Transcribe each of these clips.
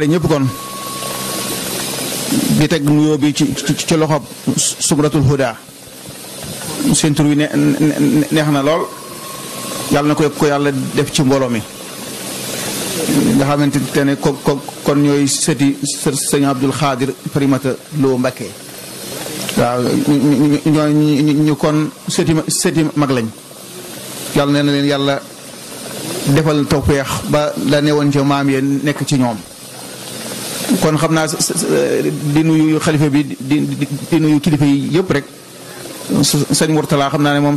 ñëpp kon di teg nuyoo bi ci ci sumratul huda seen wi neex na lool yàlla na ko ko yàlla def ci mbooloo mi nga xamante ne ko kon ñooy sëti sëñ Abdul Xaadir Primata Lo Mbakke waaw ñoo sëti sëti mag lañ yàlla nee na leen yàlla defal tawfeex ba la newoon ca maam yee nekk ci ñoom kon xamna di nuyu khalifa bi di nuyu kilifa yi yep rek sëñ murtala xamna ne mom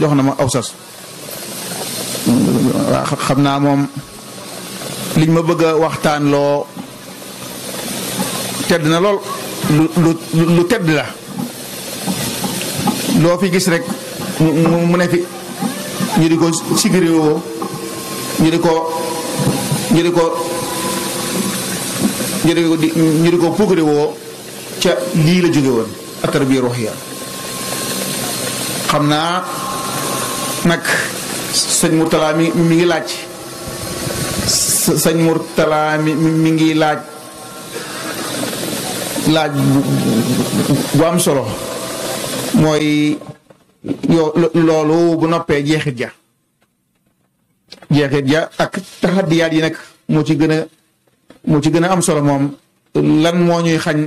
joxna ma awsas xamna mom liñ ma bëgg waxtaan lo tedd na lol lu tedd la lo fi gis rek mu ne fi ñu di ko sigréwoo ñu di ko ñu di ko ñu di ko di ñu di ca lii la jóge woon at-tarbiya ruhiyya xam naa nag sëñ Mourtala mi ngi laaj sëñ Mourtala ngi laaj laaj bu am solo mooy yow loolu bu noppee jeexit ja jeexit ja ak taxadiyaat yi nag moo ci gën mu ci gën a am solo moom lan moo ñuy xañ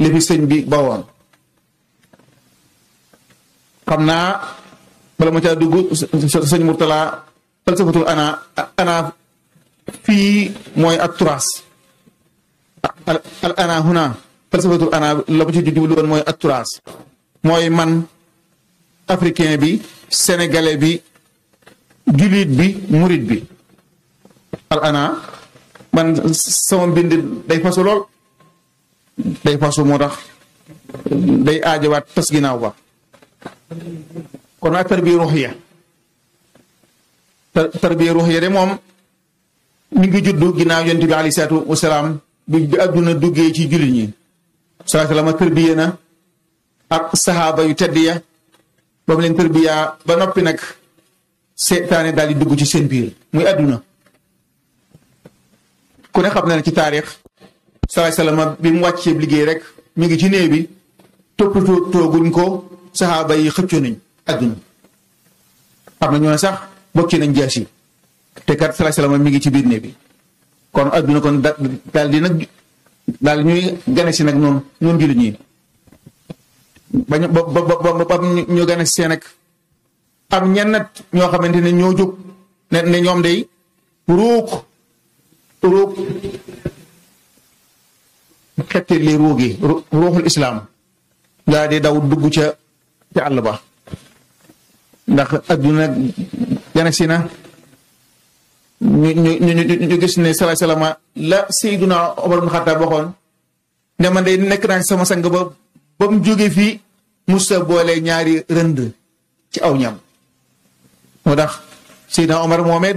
li sëñ bi bawoon xam naa bala ma caa dugg sëñ Mourtala falsafatul ana ana fii mooy at turaas al ana huna falsafatul ana la ma ci jublu mooy ak turaas mooy man africain bi sénégalais bi jullit bi murit bi al ana man sama mbind day fasu lol day fasu motax day day wat tas ginaaw ba kon ak tarbiya ruhiya tarbiya ruhiya de mom mi ngi juddu ginaaw yentibi ali sattu salaatu bi aduna dugge ci julit ñi salaatu lama tarbiya na ak sahaba yu teddiya bam len mu tarbiya ba nopi nak seetaane daal di dugg ci sen bir muy aduna ku ne xam na ne ci taarix salaay salaam bi mu wàccee liggéey rek mi ngi ci néew bi toppatoo tooguñ ko saxaaba yi xëccoo nañ adduna xam na ñoo sax bokki nañ jeex yi te kat salaay salaam mi ngi ci biir néew bi kon adduna kon daal di nag daal ñuy gane si nag noonu noonu jullit ñi ba ñu ba ba ba ñu gane si seen ak am ñenn ñoo xamante ne ñoo jóg ne ne ñoom day ruuk ruug xetti li ruugi ruuxul islaam daa di daw dugg ca ca àll ba ndax adduna gane si na ñu ñu ñu gis ne salaay salaama la Seyduna Omar bin Xattaab waxoon ne man day nekk naa sama sang ba ba mu jóge fii musa boole ñaari rënd ci aw ñam moo tax Seydina Omar momé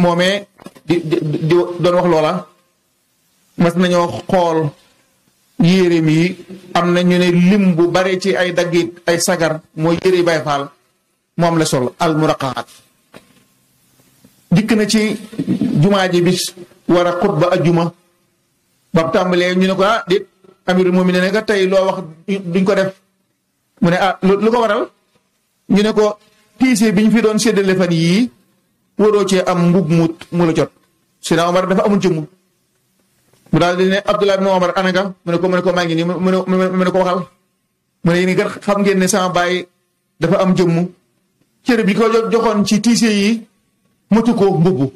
momé di di di doon wax lola mas nañu xol yéeréem yi am na ñu né lim bu bare ci ay dagit ay sagar mo yéré bay fal mom la sol al muraqaat dik na ci Juma ji bis warakut khutba ajuma ba tambalé ñu né ko ah dit amirul mumine ne nga tay lo wax duñ ko def mu né ah lu ko waral ñu né ko tisé biñ fi doon sédélé fan yi Woro ci am mbub mu mu la jot sina omar dafa amul jëm mu dal dina abdullah ibn omar anaka mu ne ko mu ne ko mangi ni mu ne ko waxal mu ne ni gar xam ngeen ne sama baay dafa am jëm ciir bi ko joxon ci tiise yi matu ko mbubb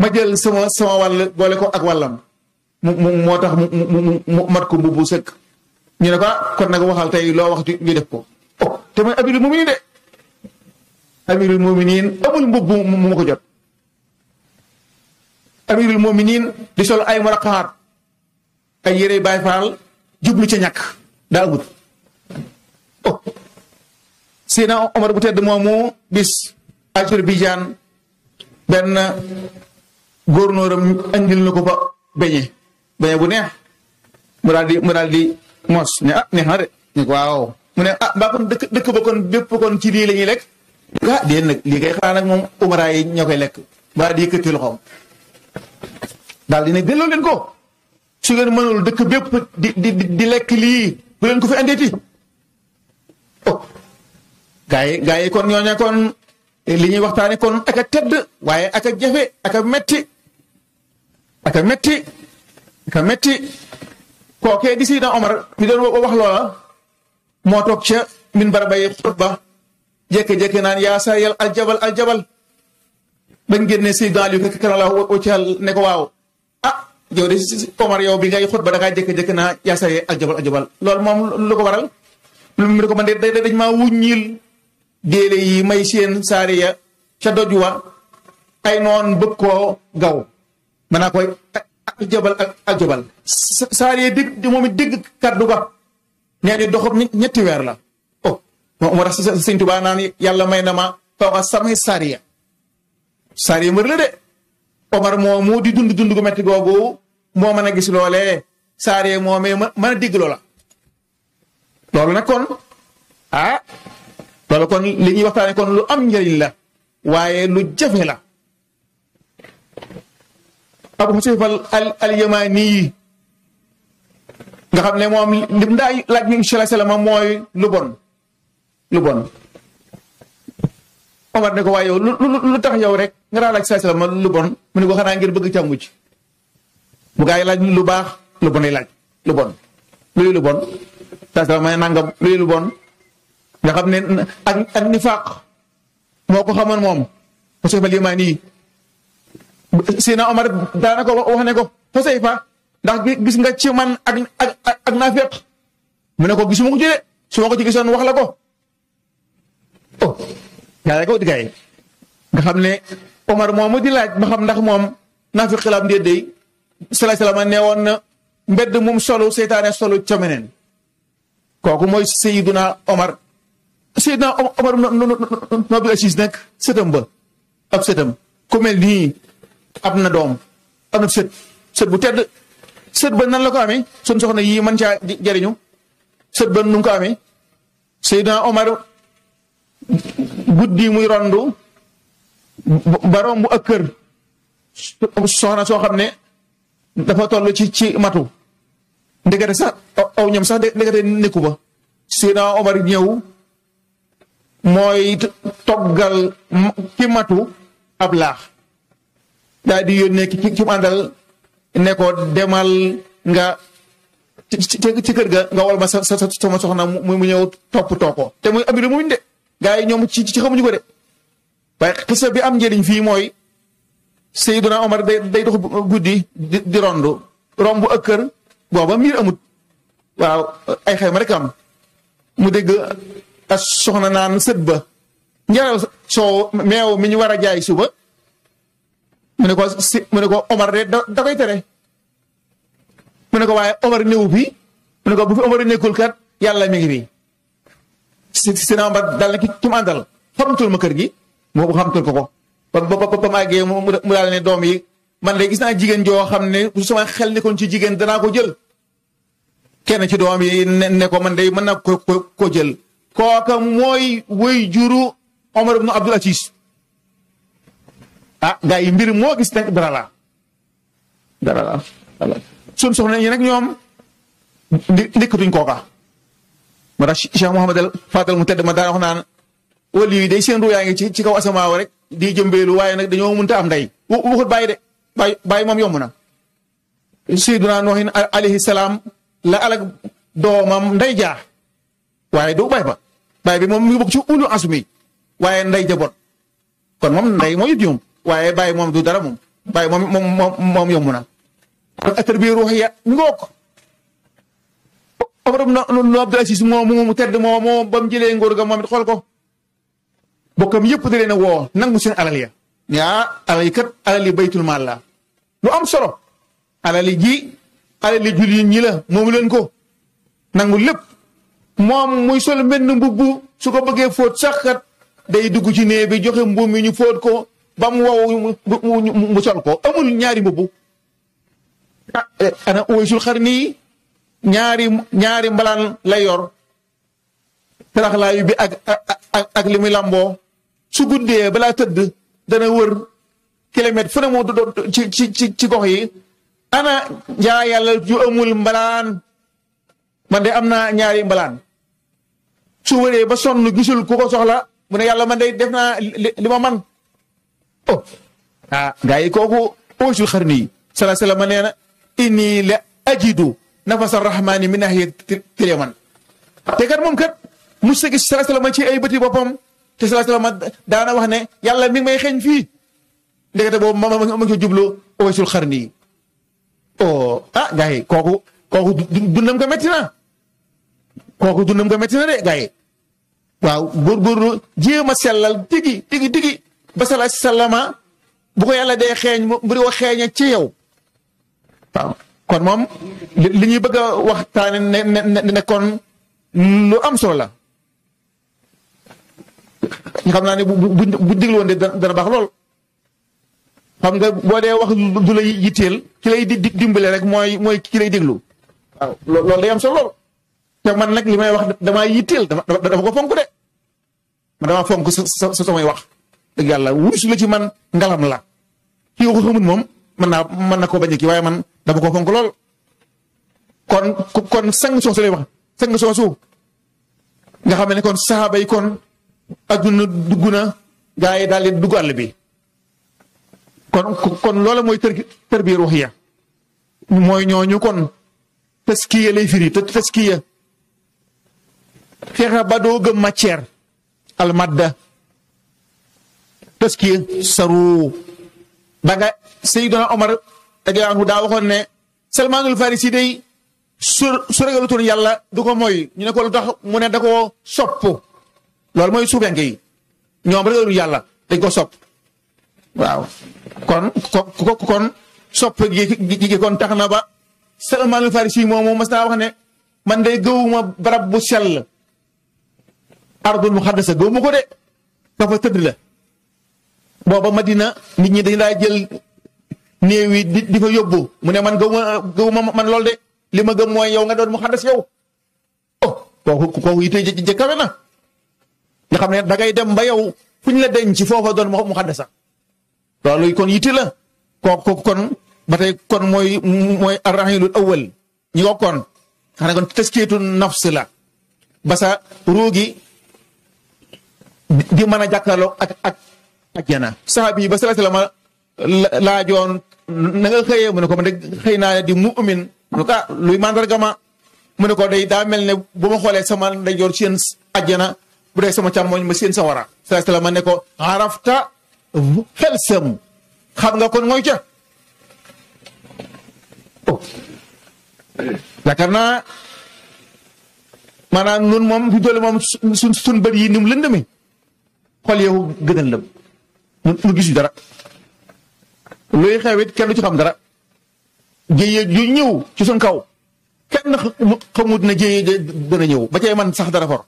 ma jël sama sama wal boole ko ak walam mu mu mu mat ko mbubb sekk ñu ne ko ah, kon nga waxal tay lo wax ñu def ko oh te abidu mu ngi de amirul muminin amul mbubb mu ma ko jot amirul muminin di sol ay muraqaat ay yére baay faal jublu ca ñàkk daa amut oh Seydina Omar bu tedd moomu bis Azerbaïdjan benn góornóoram andil ko fa beñe beñe bu neex mu daal mu daal mos ne ah neex na de ñu ko waaw mu ne ah mbaa kon dëkk dëkk ba kon bépp kon ci lii la ñuy ah déedéet nag lii kay xanaa nag moom umara yi ñoo koy lekk waa di yëkkati loxoom daal di ne delloo leen ko su ngeen mënul dëkk bépp di di di lekk lii bu leen ko fi andeeti oh gaa yi gaa yi kon ñooñu kon li ñuy waxtaane kon ak a tedd waaye ak a jafe ak a metti ak a metti ak a kookee di Sidna Omar mi doon wax loola moo toog ca min barabay xutba Jek jékki naan ya sayal al jabal bañ génne si dal yu kala kanam la tial ne ko waw ah yow de Omar yow bi ngay xutba da ngaa jékki-jékki naa yaa sayal al jabal lol mom lu ko waral lu mi ko man de dañ ma wuññil déele yi may seen sariya ca ay non ko gaw mën naa koy aljabal aljabal saari ya dégg moom kaddu ga doxop ñetti wer la moom moo tax yàlla may na ma fawqa sam'i saariya saariya mbër la de Omar moo di dund dund gu googu moo mën a gis loolee saariya moo mën a dégg loola loolu nag kon ah loolu kon li ñuy waxtaane kon lu am njëriñ la waaye lu jafe la abu xusayfa al al yamaani nga xam ne moom lim daa laaj ñu incha allah mooy lu bon lu bon e e Omar ne ko wayo lu lu tax yow rek nga daa laaj saa ma lu bon mu ne ko xana ngir bëgg ca ci mu gay laaj lu bax lu bon laaj lu bon lu lu bon saa may nangam lu lu bon nga xamne ak ak nifaq moko xamone mom parce que Sina Omar na ko wax ne ko fa ndax gis nga ci man ak ak nafiq mu ne ko gisuma ci de su ko ci wax la ko gaa yi ko ut gaa yi nga xam ne Omar moomu di laaj ba xam ndax moom naa fi xilaam ndéet day salaay salaam nee woon na mbedd mum solo seytaane solo ca meneen kooku mooy Seydina Omar Seydina Omar Nobil Aziz nag sëtam ba ab am na doom na sët bu tedd sët ba nan la ko amee sun soxna yii mën caa jëriñu sët ba nu ko amee Seydina Omar guddi muy rondu ba romb ak kër soxna soo xam ne dafa toll ci ci matu ndekete sax aw ñam sax ndekete nekku ba Seydina Omar ñëw mooy toggal ki matu ab laax daal di yónnee ki ki mu àndal demal nga ci kër ga nga wol ma sa sa sama soxna mu mu ñëw toppatoo ko te muy abir muñ de gaa yi ñoom ci ci xamuñu ko de waaye xisa bi am njëriñ fii mooy Seydina Omar day day dox guddi di di romb romb ak kër booba miir amut waaw ay xayma rek am mu dégg as soxna naan sët ba njaraw soo meew mi ñu war a jaay suba mu ne ko mu ne ko Omar de da tere mu ne ko waaye Omar néew bi mu ne ko bu fi Omar nekkul kat yàlla mi ngi bi Sidina Umar dal na ki ki mu àndal xamatul ma kër gi moo ko xamatul ko ko ba ba ba mu àggee mu daal ne doom yi man de gis naa jigéen joo xam ne bu sama xel nekkoon ci jigéen danaa ko jël kenn ci doom yi ne ne ko man de mën naa ko ko jël kooka mooy woy juru Omar ibn Abdul Aziz ah gaa yi mbir moo gis nag dara la dara la sun soxna yi nag ñoom di ndikkatuñ kooka moo tax Cheikh Mouhamadal Faatal mu tedd ma daan wax naan wali yi day seen yaa ngi ci ci kaw asamaaw rek di jëmbeelu waaye nag dañoo mënta am ndey waxut bàyyi de bàyyi moom yomb na Seydunaa Noohin alayhi salaam la alak doomam ndey jaa waaye du bay ba bay bi moom mi ngi bokk ci asumi waaye ndey ja kon moom ndey moo it waaye bàyyi moom du dara moom bàyyi moom moom moom yomb na kon atar bi ruuxiya ngook Omar ibn Abdul Aziz moom mu tedd moom moom ba mu jëlee ngóor ga moom it xool ko bokkam yëpp da leen a woo nangu seen alal ya yaa alal yi kat alal yi baytul la lu am solo alal yi ji alal yi jullit ñi la moomu leen ko nangu lépp moom muy sol mbenn mbubb su ko bëggee fóot sax kat day dugg ci nee bi joxe mbubb mi ñu fóot ko ba mu wow mu sol ko amul ñaari mbubb ah, eh, ana uwaysul xarni ñaari mbalaan la yor taraxlaayu bi ak ak ak li làmboo su guddee balaa tëdd dana wër kilomètre fu ne mu doon ci ci ci gox yi ana jaa yàlla yu amul mbalaan man de am naa ñaari mbalaan su wëree ba sonn gisul ku ko soxla mu ne yàlla man de def naa li ma man oh ah gars yi kooku oosul xarni yi sala sala ma nee na inni la ajidu nafasa min minahi tireman te kat mom kat musta sallallahu alaihi wasallam ci ay beuti dana te ya wasallam daana wax ne yalla mi may xegn fi ndegata bo ma ma ma ci jublu owaysul kharni o oh ah gay koku koku dunam dundam ko metti na koku dundam ko metti na de gay waaw gor gor a selal digi digi digi ba alaihi salama bu ko yalla ya de xegn mburi wax xegna ci yow kon moom li ñuy bëgg a waxtaane ne ne ne kon lu am solo la xam naa ne bu bu bu déglu woon de dana baax lool xam nga boo dee wax du la yitteel ki di dimbale rek mooy mooy ki lay déglu waaw loolu am solo lool te man nag li may wax damaa yitteel dama dama ko fonk de man damaa fonk sa sa wax dëgg yàlla wurus la ci man ngalam la kii waxu xamut moom man mën na koo bañ a man dama ko fonk lol kon kon sang so lay wax sang so nga xam kon sahaba yi kon agun duguna gaay gaa yi di bi kon kon loola ter tër tërbiya ruhiya moy ñoñu kon teskiya lay firi te teskiya fexe ba doo matière al almadda teskiya saru ba nga Seydina Omar radiyallaahu daa waxoon ne Salmaanul Farisi day su su ragalutoon yàlla du ko moy ñu ne ko lu tax mu ne da ko sopp loolu mooy suufenke yi ñoom ragalu yàlla dañ ko sopp waaw kon kon sopp gi gi kon tax na ba Salmaanul Farisi moomu mas naa wax ne man day gëwuma barab bu sel ardul muxaddasa gëwuma ko de dafa tëdd la booba Madina nit ñi dañ daa jël newi di di fa man gëwuma gëwuma man lol de lima ma gëm yow nga doon muxaddas yow oh ko kooku yitee jë kawe na nga xamne da ngay dem ba yow fuñ la denc foofa doon muxaddasa loolu kon yite la ko kon batay kon moy moy arrahilul awal ñi ko kon xana kon tasketu nafs la ba sa di mana jakalo ak ak ak jana sahabi ba sallallahu alaihi wasallam laa na nga xëyee mu ne ko man de xëy naa ne di mu'min mu ne ko ah luy mandarga ma mu ne ko day daa mel ne bu ma xoolee sama ndeyjoor seen àjjana bu dee sama càmmoñ ma seen sa wara la ma ne ko arafta xel sëm xam nga kon mooy ca yaakaar naa maanaam nun moom fi doole moom sun sun bët yi ni mu lëndëme xool yow gën a lëm nu gisu dara luy xewit kenn du ci xam dara jéyee yu ñëw ci suñ kaw kenn xamut na jéyee dana ñëw ba cay man sax dara for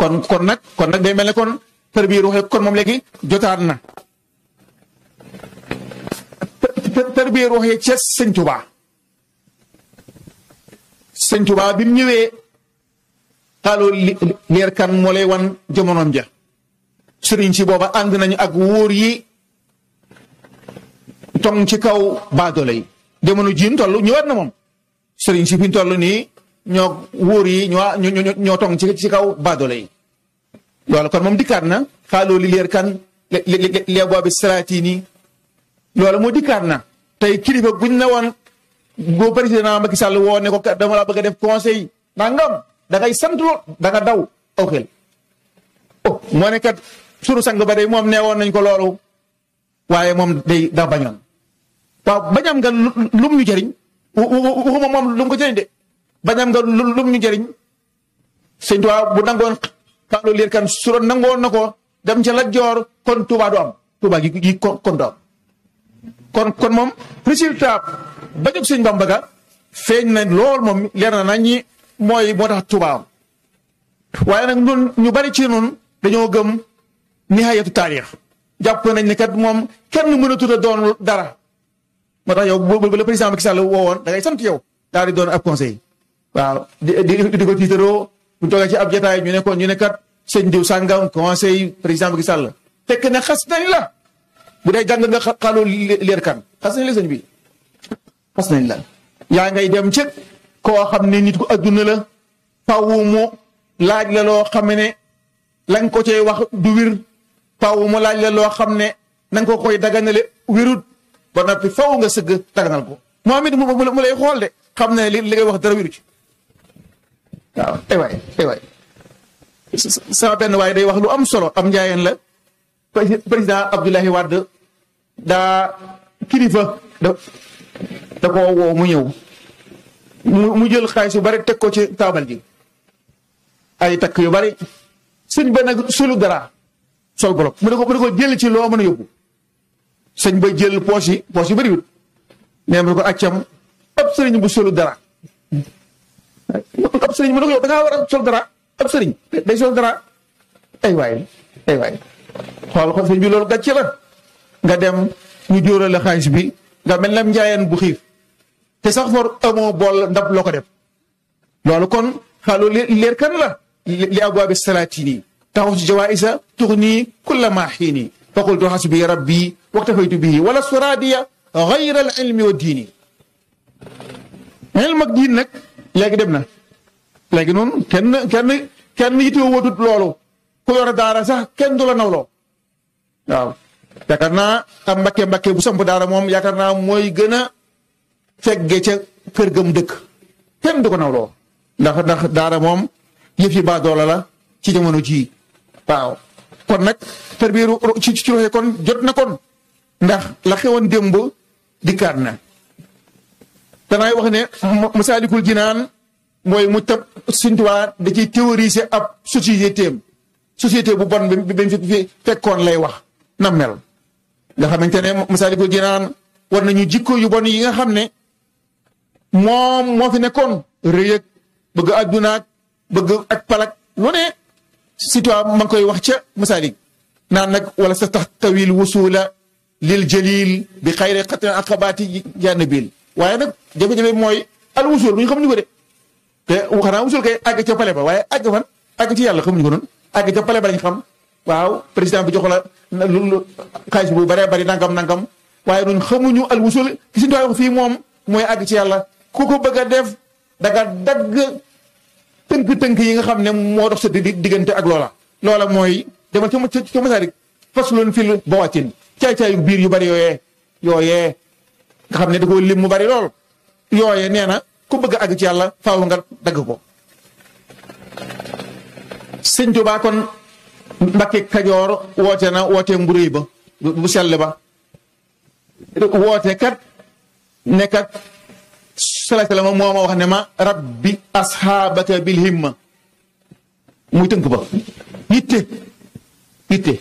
kon kon nag kon nag day mel ne kon tarbiya ruuxi kon moom léegi jotaat na tarbiya ruuxi ca sëñ Tuubaa sëñ Tuubaa bi mu ñëwee xaaloo leer kan moo lay wan jamonoom ja sëriñ si booba ànd nañu ak wóor yi tong ci kaw baadoole yi jin tollu ñu wat na mom serigne si fi toll nii ñoo wóor yi ño ño tong ci ci kaw baadoole yi loolu kon mom dikkaat na xalo li leer kan lee boobi salaatini lolu mo dikkaat na tay kilifa buñ na won go president Macky Sall wo ne ko dama la bëgg def conseil nangam da ngay sant lo da nga daw okel oh mo ne kat suru sang ba day mom neewon nañ ko lolu waye mom day da bañon waaw bañam nga lum ñu jëriñ waxuma moom lu mu ko jëriñ de bañam nga lum ñu jëriñ sëñ Tuubaa bu nangoon xaalu liir kan su doon nangoon na ko dem ca la joor kon Tuubaa du am Tuubaa gi gi kon kon du am kon kon moom résultat bañu sëñ Bamba ga feeñ na lool moom leer na nañ ñi mooy moo tax Tuubaa am waaye nag ñun ñu bari ci noonu dañoo gëm nihayatu taarix jàpp nañ ne kat moom kenn mënatut a doon dara moo tax yow bu le président Macky Sall woowoon da ngay sant yow daal di doon ab conseil waaw di di ko tiitaroo bu toogee ci ab jotaay ñu ne ko ñu ne kat sëñ diw sàngam conseil président Macky Sall fekk ne xas nañ la bu dee jàng nga xaalu leer kan xas nañ la sëñ bi xas nañ la yaa ngay dem ci koo xam ne nit ko adduna la faaw mu laaj la loo xam ne lañ ko cay wax du wir faaw mu laaj la loo xam ne na nga ko koy daganale wirut bon ba noppi faw nga sëgg daganal ko moom it mu lay xool de xam ne li li ngay wax dara wiru ci waaw ay waay sama benn waaye day wax lu am solo am njaayeen la président Abdoulaye Wade daa kilifa da da ko woo mu ñëw mu jël xaalis yu bari teg ko ci taabal ji ay takk yu bari suñ benn sulu dara sol bolok mu ne ko mu ne jël ci loo mën a yóbbu señ ba jël poche yi poche yu bëriwul nee ma ko accam ab señ bu solo dara ab señ mu ne ko yow da ngaa war a dara ab señ day solo dara ay way ay way xol ko señ bi loolu gàcce la nga dem ñu jóorale xaliss bi nga mel lam jaayen bu xif te sax for amo bol ndab loko def loolu kon xalu leer kan la li abwab salatini taxaw si jawaisa tuxnii kullama hini xiini faqultu rabbi waktafaytu bihi wala suradiya gayra al ilmi wa diini nag léegi dem na léegi noonu kenn kenn kenn yitewoo wutut loolu ku yor daara sax kenn du la nawloo waaw yaakaar naa am mbakke mbakke bu samp daara moom yaakaar naa mooy gën a fegge ca kër mu dëkk kenn du ko nawloo ndax ndax daara moom yëf yi baa doola la ci jamono jii waaw kon nag tërbiiru ci ci roxe kon jot na kon ndax la xewoon démb dikkaat na damay wax ne masaalikul jinaan mooy mu tëb suntuwaat da ciy théoriser ab société société bu bon bi bi fi fekkoon lay wax na mel nga xamante ne masaalikul jinaan war nañu jikko yu bon yi nga xam ne moom moo fi nekkoon rëy ak bëgg addunaak bëgg ak palak lu ne citoyen ma ngi koy wax ca masaalik naan nag wala sa tax tawil wusula lil jëliil bi xayre xatin aqabaati jann biil waaye nag jafe-jafe mooy al wusul bu ñu xamuñu ko de te xanaa wusul kay àgg ca pale ba waaye àgg fan àgg ci yàlla xamuñu ko noonu àgg pale ba lañ xam waaw président bi jox la lu xaalis bu bëree bëri nangam nangam waaye ñun xamuñu al wusul ki fii moom mooy àgg ci yàlla ku ko bëgg a def danga dagg tënk-tënk yi nga xam ne moo dox sa diggante ak loola loola mooy demal ca ca masarik faslun fil bawatin caay-caayu biir yu bari yooyee yooyee nga xam ne da koo lim mu bari lool yooyee nee na ku bëgg a àgg ci yàlla faaw nga dagg ko sëñ Tuubaa kon Mbakke Kajoor woote na wootee mburéy ba bu sell ba woote kat ne kat salaay salaam moo wax ne ma rabbi asxaabaka bil himma muy tënk ba yitte yitte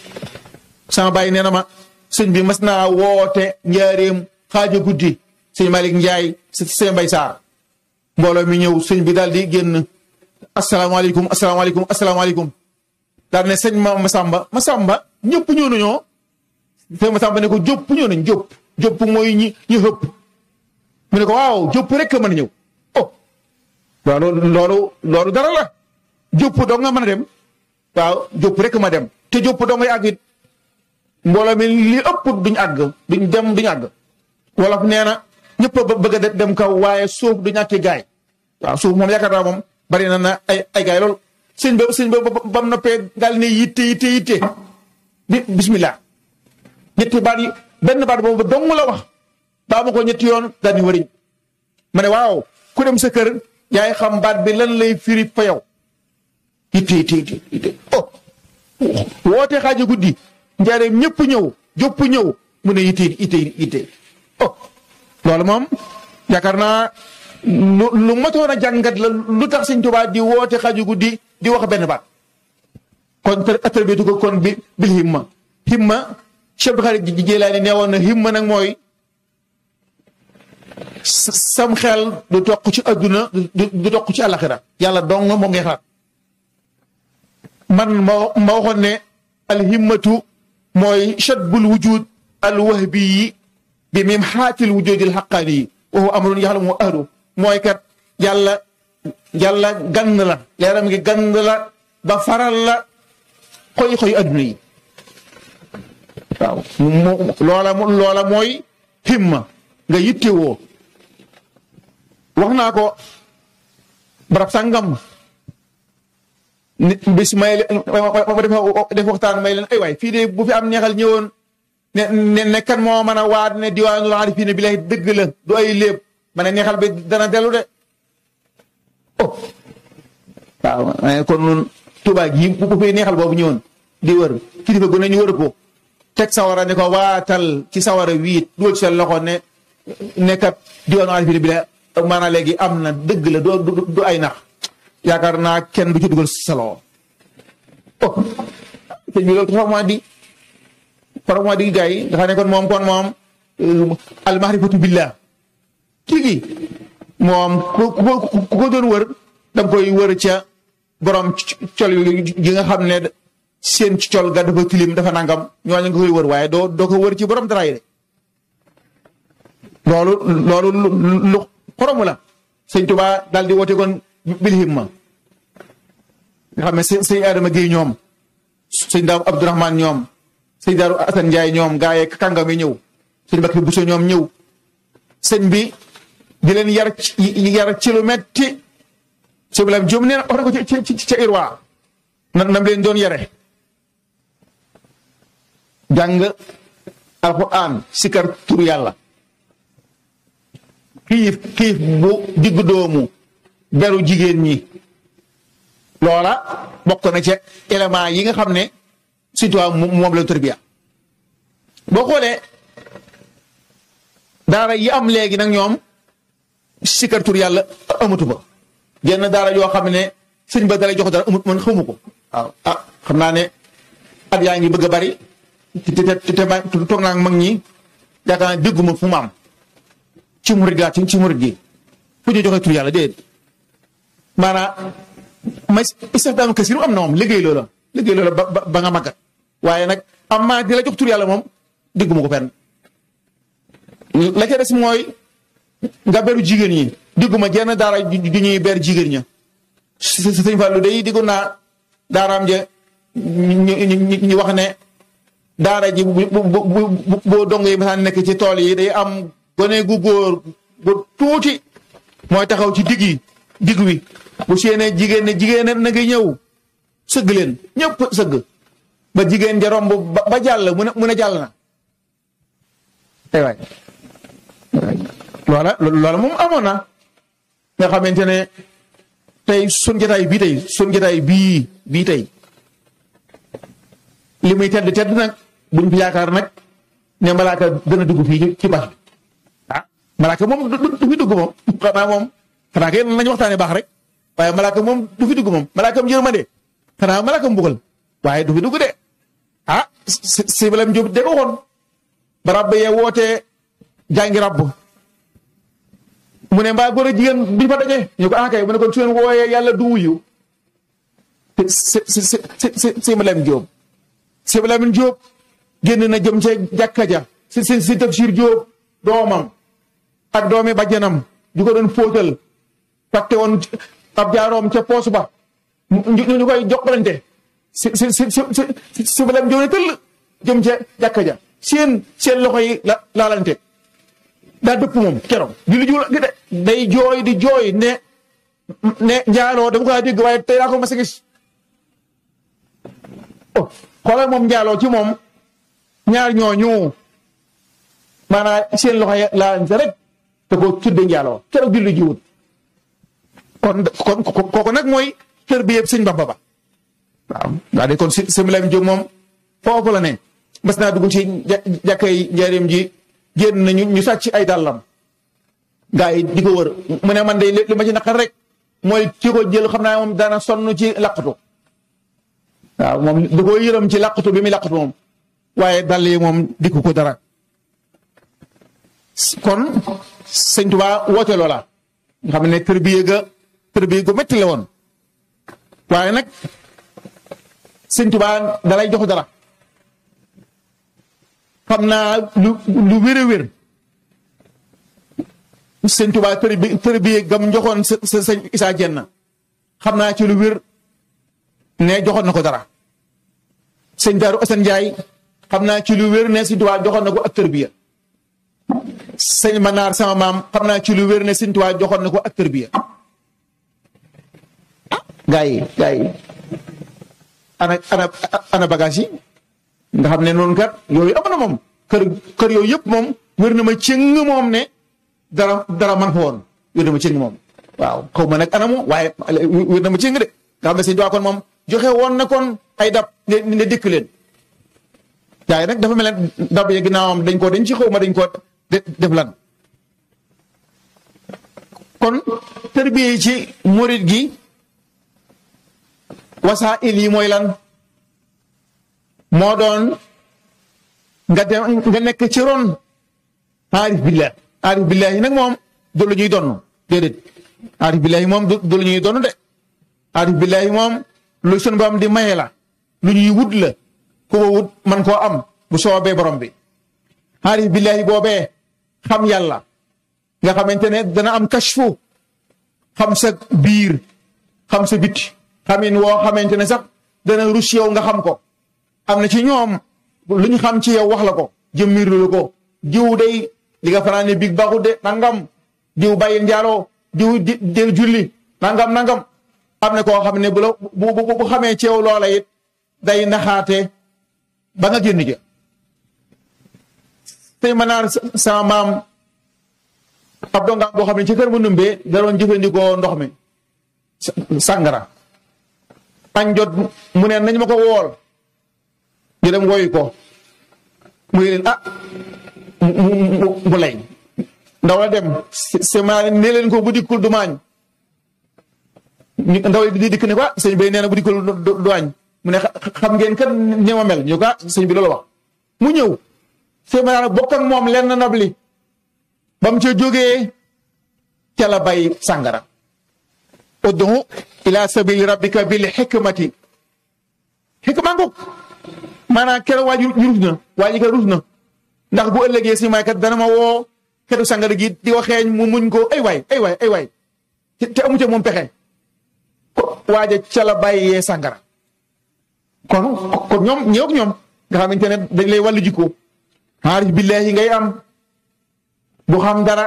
sama bàyyi nee na ma sëñ bi mas naa woote njaareem xaaja guddi sëñ Malick Ndiaye sëñ Mbay Sarr mbooloo mi ñëw sëñ bi daal di génn asalaamaaleykum asalaamaaleykum asalaamaaleykum daal ne sëñ ma Masamba Masamba ñëpp ñëw nañoo sëñ Masamba ne ko jópp ñëw nañ jópp jópp mooy ñi ñu xëpp mu ne ko waaw jópp rek mën a ñëw oh waaw loolu loolu loolu dara la jópp doo nga mën a dem waaw jópp rek ma dem te jópp doo ngay àgg mbooloo mi li ëpp duñ àgg duñ dem duñ àgg wolof nee na ñëpp a bëgg a dem kaw waaye suuf du ñàkki gaay waaw suuf moom yaakaar naa moom bari na na ay ay gaay lool sëñ ba sëñ ba bam noppee daal ne yitte yitte yitte bi bismillah ñetti baat la wax baa ma ko ñetti yoon daal di wëriñ ma ne waaw ku dem sa kër yaay xam baat bi lan lay firi fa yow yitte yitte yitte yitte oh woote xaaja guddi njaareem ñëpp ñëw jopp ñëw mu ne ittee ittee ittee oh loolu moom yaakaar naa lu lu matoon a jàngat la lu tax sëñ Tuubaa di woote xaju guddi di wax benn ba kon atarbiyatu ko kon bi bi himma himma Cheikh Abdou Khadre Jilaani nee woon na himma nag mooy sam xel du toq ci adduna du toq ci àlaxira yàlla dong moom ngay man ma waxoon ne alhimmatu mooy chadbul wujud al wahbi bi mim xaatil wujudil xaqaani wa huwa amrun yaxlamu ahlu mooy kat yàlla yàlla gann la leeram gi gann la ba faral la xoy xoy adduna yi waaw loola loola mooy himma nga yittewoo wax naa ko barab sàngam bis may ma def def waxtaan may leen ay waay fii de bu fi am neexal ñëwoon ne ne ne kan moo mën a ne diwaanul aarifina bi lay dëgg la du ay léeb ma ne neexal bi dana dellu de oh waaw ma kon nun tuba gi bu fi neexal boobu ñëwoon di wër kilifa gu ne ñu wër ko teg sawara ne ko waatal ci sawara wiit dugal ci sa loxo ne ne kat diwaanul aarifina bi la maanaam léegi am na la du ay nax yaakaar naa kenn bu ci dugal sa loxo oh sëñ bi loolu xaw di xaw di gaa yi nga xam ne kon moom kon moom euh, almahrifatu billah kii gi moom ku ko doon wër da koy wër ca borom col yi nga xam ne seen col ga dafa tilim dafa nangam ñooñu nga koy wër waaye doo doo ko wër ci borom dara yi loolu loolu lu xoromu la sëñ Tuubaa daal di woote bilhimma nga xam ne sëñ Adama Guèye ñoom sëñ Daaw Abdourahmane ñoom sëñ Daaru Assane Ndiaye ñoom gaa yeeg kàngam yi ñëw sëñ Bakri Bousso ñoom ñëw sëñ bi di leen yar yar ci lu metti sëñ bi la Jóob na ko ca Irwa na nam leen doon yare jàng alxuraan sikar tur yàlla xiif xiif bu digg doomu deru jigéen ñi loola bokk na ca élément yi nga xam ne citoyen moom la tërbiya boo xoolee daara yi am léegi nag ñoom sikar tur yàlla amatu ba genn daara yoo xam ne sëñ ba dara jox dara amut man xamu ko waaw ah xam naa ne at yaa ngi bëgg a bari te te te naa mag ñi yaakaar naa dégguma fu mu am ci murid gaa ci murid gi fu ñu joxe tur yàlla déedéet maanaam ma istixdaam kasir am na moom liggéey loola liggéey loola ba ba nga màggat waaye nag am maa di la jox tur yàlla moom digguma ko fenn la ca des mooy nga beru jigéen ñi dégguma jenn daara ju ñuy ber jigéen ña sëñ Fallou day diggu naa daaraam ja ñu wax ne daara ji bu bu boo dong yi masaan nekk ci tool yi day am gone gu góor bu tuuti mooy taxaw ci digg yi digg wi bu séenee jigéen jigéen na ngi ñëw sëgg leen ñëpp sëgg ba jigéen ja romb ba jàll mu ne mu jàll na ay waay loola loola moom amoon na nga xamante ne tey sun bii tey sun bii bii tey li muy tedd tedd nag buñ fi yaakaar nag ne malaaka dana dugg fii ci bax bi ah, moom du fi dugg moom xanaa moom xana kay nañ waxtane bax rek waye malaka mom du fi dugg moom malaakam yërmande xanaa malaakam mbugal waye du fi dugg de ah si balam jóob de ko won ba ye wote jangi jàngi ràbb mu ne mbaa góor bi fa dajé ñu ko ah kay mu ne kon su leen du wuyu te si si si si na jëm ci jàkka ja si si tafsir ak doomi bajenam ju ko fàtte woon ab jaaroom ca poos ba ñu ñu koy jokkalante si si si si si si ba tëll jëm ca jàkka ja seen seen loxo yi la laalante daa dëpp moom keroog julli ju day jooy di jooy ne ne njaaloo dama ko daa dégg waaye tey laa ko mas a gis oh xoolal moom njaaloo ci moom ñaar ñooñu maanaam seen loxo yi laalante rek te ko tudde njaaloo keroog julli jiwut kon kon kooku nag mooy tër bi yëpp sëñ Bamba ba waaw daa de kon sëñ Lamine Diop moom foofu la ne mas naa dugg ci jàkkay njaareem ji génn nañu ñu sàcc ay dàllam gaa yi di ko wër mu ne man de li ma ci rek mooy ci ko jël xam naa moom dana sonn ci laqatu waaw moom du ko ci laqatu bi muy laqatu moom waaye dàll yi moom dikku ko dara kon sëñ Tuubaa nga xam ne tër bi tërbiya gu métti la woon waaye nag sëñ Tuubaa dalay jox dara xam naa lu lu wér a wér sëñ Tuubaa tërbiya gam joxoon sa sa sëñ Isaa xam naa ci lu wiir ne joxoon na ko dara sëñ Daaru Asan Njaay xam naa ci lu wér ne sëñ Tuubaa joxoon na ko ak tërbiya sëñ Manaar sama maam xam naa ci lu wér ne sëñ Tuubaa joxoon na ko ak tërbiya gaa yi gaa yi ana ana ana yi nga xam ne noonu kat yooyu am na moom kër kër yooyu yëpp moom wér na ma cëng moom ne dara dara man fa woon wér na ma cëng moom waaw xaw ma nag ana waaye wér na ma cëng de nga xam ne sëñ kon moom joxe woon na kon ay dab ne dëkk leen gaa yi nag dafa mel ne dab ya ginnaawam dañ koo dañ ci xaw ma dañ koo def lan kon tërbiye ci murit gi wasaa'il yi mooy lan moo doon nga dem nekk ci ron aarif billah aarif billah yi nag moom du lu donn déedéet aarif billah yi moom du lu ñuy donn de aarif billah moom lu sun borom di maye la lu ñuy wut la ku ko wut man koo am bu soobee borom bi aarif billahi boobee xam yàlla nga xamante ne dana am kashfu xam sa biir xam sa bit xamin woo xamante ne sax dana rus yow nga xam ko am na ci ñoom lu ñu xam ci yow wax la ko jëmmir lu ko jiw day li nga fanaan ne big baaxut de nangam jiw bàyyil njaaloo jiw del julli nangam nangam am na koo xam ne bu la bu xamee ci yow loola it day naxaate ba nga génn ja tey ma naan sama maam ab dongaam boo xam ne ci kër bu numbee da doon jëfandikoo ndox mi sàngara añ jot mu ne nañ ma ko wool ñu dem woyu ko muy leen a ah, mu lay ndaw la dem sema ne leen ko bu dikkul du maañ ndaw di dikk ne ko ah sëñ bi nee bu dikkul du añ mu ne xam ngeen kat ni ma mel ñu ko ah sëñ bi loolu wax mu ñëw sema bokk ak moom leen nab li ba mu ca jógee ca la bay sàngara oddu ila sabili rabbika bil hikmati hikma ngok maanaam keroog waa ji ndax bu ëllëgee si may kat dana ma wo xetu sangal gi di ko mu muñ ko ay way ay way ay way te amu ca mom pexé waaja ca la bàyyee sangara kon kon ñom ñëw ak nga xamante dañ lay walu jikko xaarif billahi ngay am bu xam dara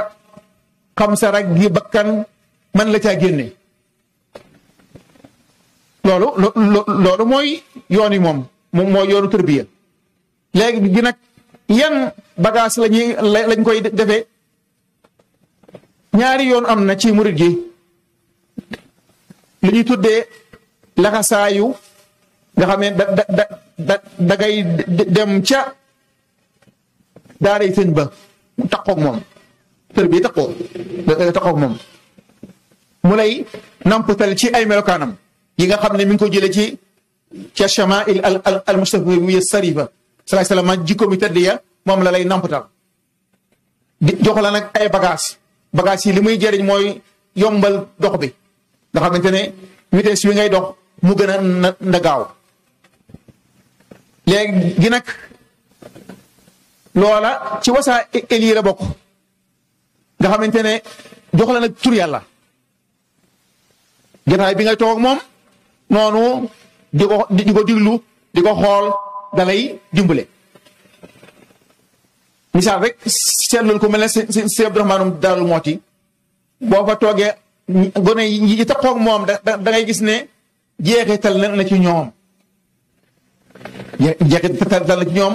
xam sa rek gi bakkan man la ca loolu loolu mooy yoon yi moom moom mooy yoonu tërbiya léegi gi nag yan bagage lañuy lañ koy defe ñaari yoon am na ci murit gi li tuddee laxasaayu nga xam ne dem ca daaray sëñ ba taqoog moom tër bi taqoo taqoog moom mu lay nampatal ci ay melokaanam yi nga xam ne mi ngi ko jëlee ci ca chamail al al al mustafawiya sarifa salaay salaam jikko tëdd ya moom la lay nampatal di nag ay bagages bagages yi li muy jëriñ mooy yombal dox bi nga xamante ne vitesse bi ngay dox mu gën a na na gaaw léegi nag loola ci wasaa élii la bokk nga xamante ne jox la nag tur yàlla jotaay bi ngay toog moom nonu diko diko diglu diko xol dalay dimbulé misal rek seetlul ko mel ne si abdourahmanum darul moti bo fa togué goné yi taqoog moom mom da ngay gis ne jeexital na ci ñoom jeexital dal ci ñoom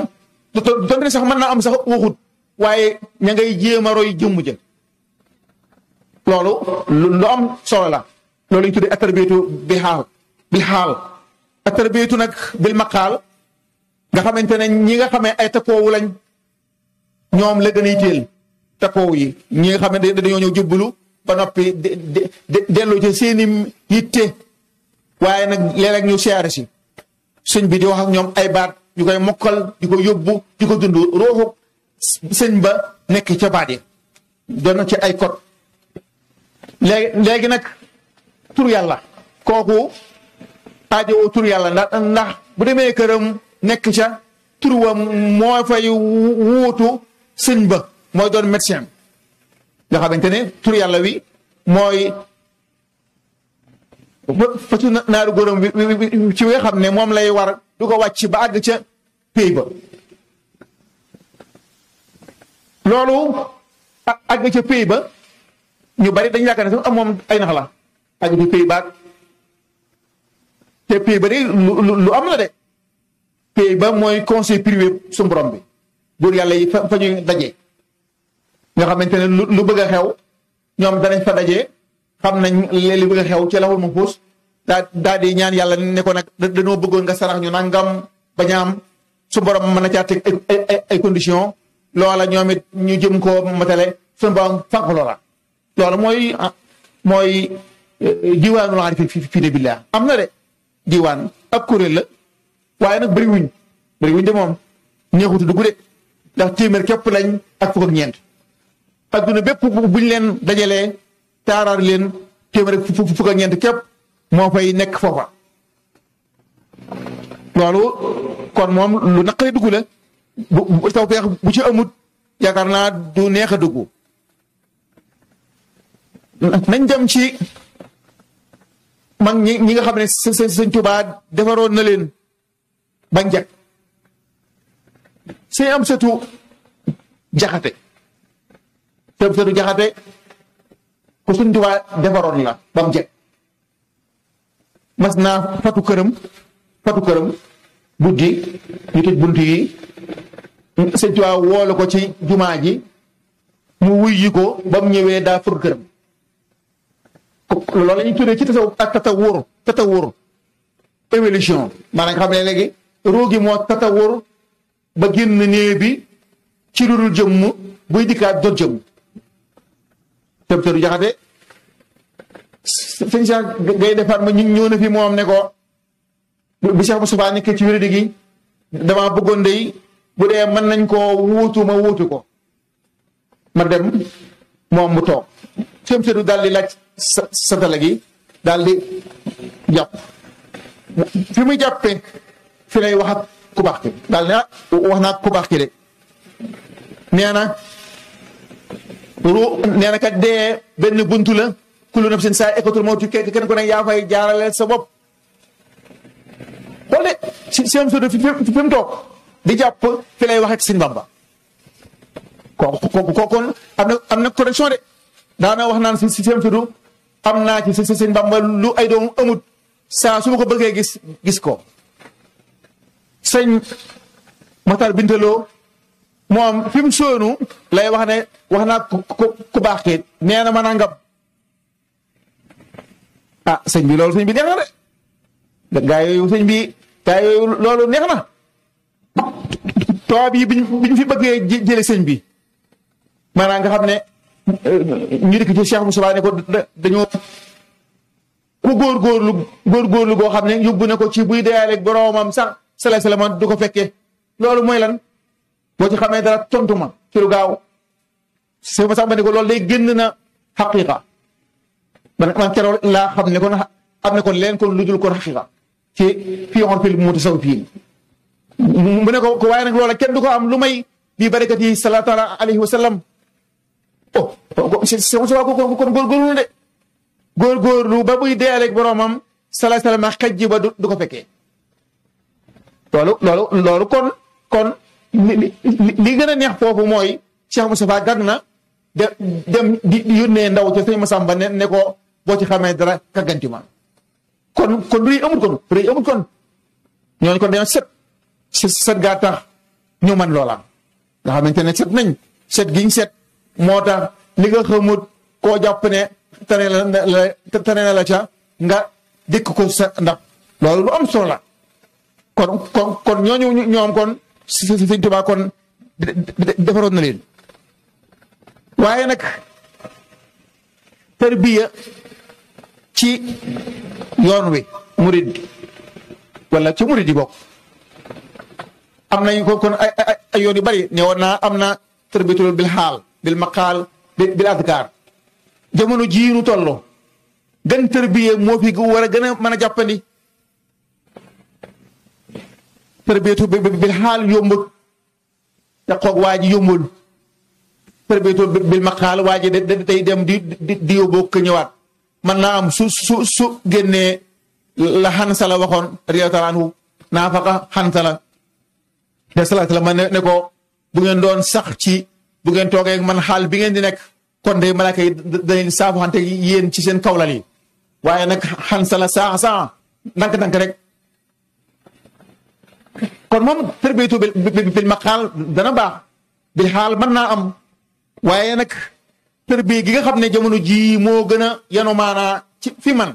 donte sax man na am sax waxut waaye ña ngay jéem roy jëmm jël lolu lu am solo la lolu ñu tuddee atarbiyatu bi bil hal ak tarbiyatu nag bil maqal nga xamantene ñi nga xamé ay takkoowu lañ ñom la gën a yitteel yi ñi nga xamé dañu dañoo ñëw jubbalu ba nopi delu ci seeni yitte waye nak léeg-léeg ñu siyaare ci sëñ bi di wax ak ñom ay baat yu koy mokkal di ko yobbu di ko dund rooxu sëñ ba nek ci baade ya. yi na ci ay kot legi nak tur yalla koku aajowoo tur yàlla ndax ndax bu demee këram nekk ca tur wa moo fay wuutu sëñ ba mooy doon médecin nga xamante ne tur yàlla wi mooy fatu naaru gorom bi ci nga xam ne moom lay war du ko wàcc ba àgg ca pay ba loolu àgg ca pay ba ñu bari dañ yaakaar ne sax moom ay nax la àgg ca pay ba te pays ba de lu am la de pays ba mooy conseil privé su bi buur yàlla yi fa ñuy daje nga xamante ne lu bëgg a xew ñoom danañ fa daje xam nañ li bëgg a xew ci lawul ma puus daa daa di ñaan yàlla nekkoon ko nag dañoo bëggoon nga sarax ñu nangam bañaam su borom mën a caateg ay ay condition loola ñoom ñu jëm koo matale suñu borom fànq loola loolu mooy ah, mooy jiwaanul eh, eh, aarifi fi fi de billah am na de diwaan ab kuréel la waaye nag bëriwuñ bëriwuñ de moom neexutu dugg de ndax téeméer képp lañ ak fukk ak ñeent adduna bépp buñ leen dajalee taaraar leen téeméer fukk ak ñeent képp moo fay nekk foofa loolu kon moom lu naqari dugg la bu taw feex bu ci amut yaakaar naa du neex a dugg mag ñi ñi nga xam ne sëñ Tuubaa defaroon na leen ba njëkk sëñ am sëtu jaxate sëñ am sëtu jaxate ku sëñ Tuubaa defaroon la ba mu njëkk mas naa fatu këram fatu këram guddi ñu tëj bunt yi sëñ Tuubaa woolu ko ci jumaa ji mu wuy yi ko ba mu ñëwee daa fur këram loolu la ñuy tuddee ci tasaw ak tatawur tatawur évolution maanaam nga xam ne léegi ruu gi moo tatawur ba génn néew bi ci lu dul jëmm buy dikkaat doot jëmm docteur Jaxate sëñ Cheikh ngay ma ñu ñëw na fi moom ne ko bi Cheikh Moustapha nekk ci wéradi gi damaa bëggoon dey bu dee mën nañ koo wuutu ma wuutu ko ma dem moom mu toog féem-féeru daal di laaj sa satala gi daal di jàpp fi muy jàppee fi lay wax ak ku ki daal ne ah, wax naa ku baax ki de nee na ru nee na kat dee benn buntu la kullu nafsin saa ekatul mawtu kenn ku ne yaa fay sa bopp xool de si seen fi fi mu toog di jàpp fi lay wax ak Sëñ Bamba ko ko kon am na am na daana wax naan si si seen am naa ci si seen Bàmba lu ay doom amut saa su ma ko bëggee gis gis ko sëñ Matar Bintaloo moom fi mu soonu lay wax ne wax naa ku ku baax kii nee na ma nangam ah sëñ bi loolu sëñ bi neex na de gaa yooyu sëñ bi gaa yooyu loolu neex na toog yi biñ biñ fi bëggee jële sëñ bi maanaam nga xam ne ñu dikk ci Cheikh Moussa ne ko dañoo ku góor góorgóorlu góorgóorlu boo xam ne bu ne ko ci buy deyaaleeg boroomam sax salaay salaam du ko fekkee loolu mooy lan boo ci xamee dara tontu ma ci lu gaaw Cheikh ba ne ko loolu day génn na xaqiqa man man keroog laa xam ne kon na kon leen kon lu dul kon xaqiqa ci fii on fil mutasawwifin mu ne ko waaye nag loola kenn du am lu may bi barakati salaatu alayhi wa sallam oh de ba buy boromam ba du ko kon kon li neex Cheikh dem di ndaw Massamba ne ko ci dara kon kon amul kon amul kon kon set set tax ñu man nga set nañ set giñ set moo tax li nga xamut koo jàpp ne tane la tane la ca nga dikk ko sa ndab loolu lu am solo kon kon kon ñooñu ñoom kon Sëñ Tuubaa kon defaroon na leen waaye nag tarbiya ci yoon wi murid wala ci murid yi bokk am nañu ko kon ay ay yoon yu bari ne naa am na tarbiyatul bil xaal bil maqal bil adkar jamono ji nu tollo gën terbiye mo fi mana wara gëna mëna jappandi bil hal yomb da ko waji yomul yombul bil makal waji de tay dem di di yóbboo ko ñewat man na am su su su génnee la han sala waxon taala nafaqa han sala te sala la ne ko bu ngeen doon sax ci bu ngeen toogee ak man xaal bi ngeen di nekk kon de malaaka yi danañ saabu xante yéen ci seen kawlal yi waaye nag xan sala saa saa ndànk-ndànk rek kon moom tërbiyatu bil maqaal dana baax bil xaal mën naa am waaye nag tërbiya gi nga xam ne jamono jii moo gën a yanu maanaa ci fi man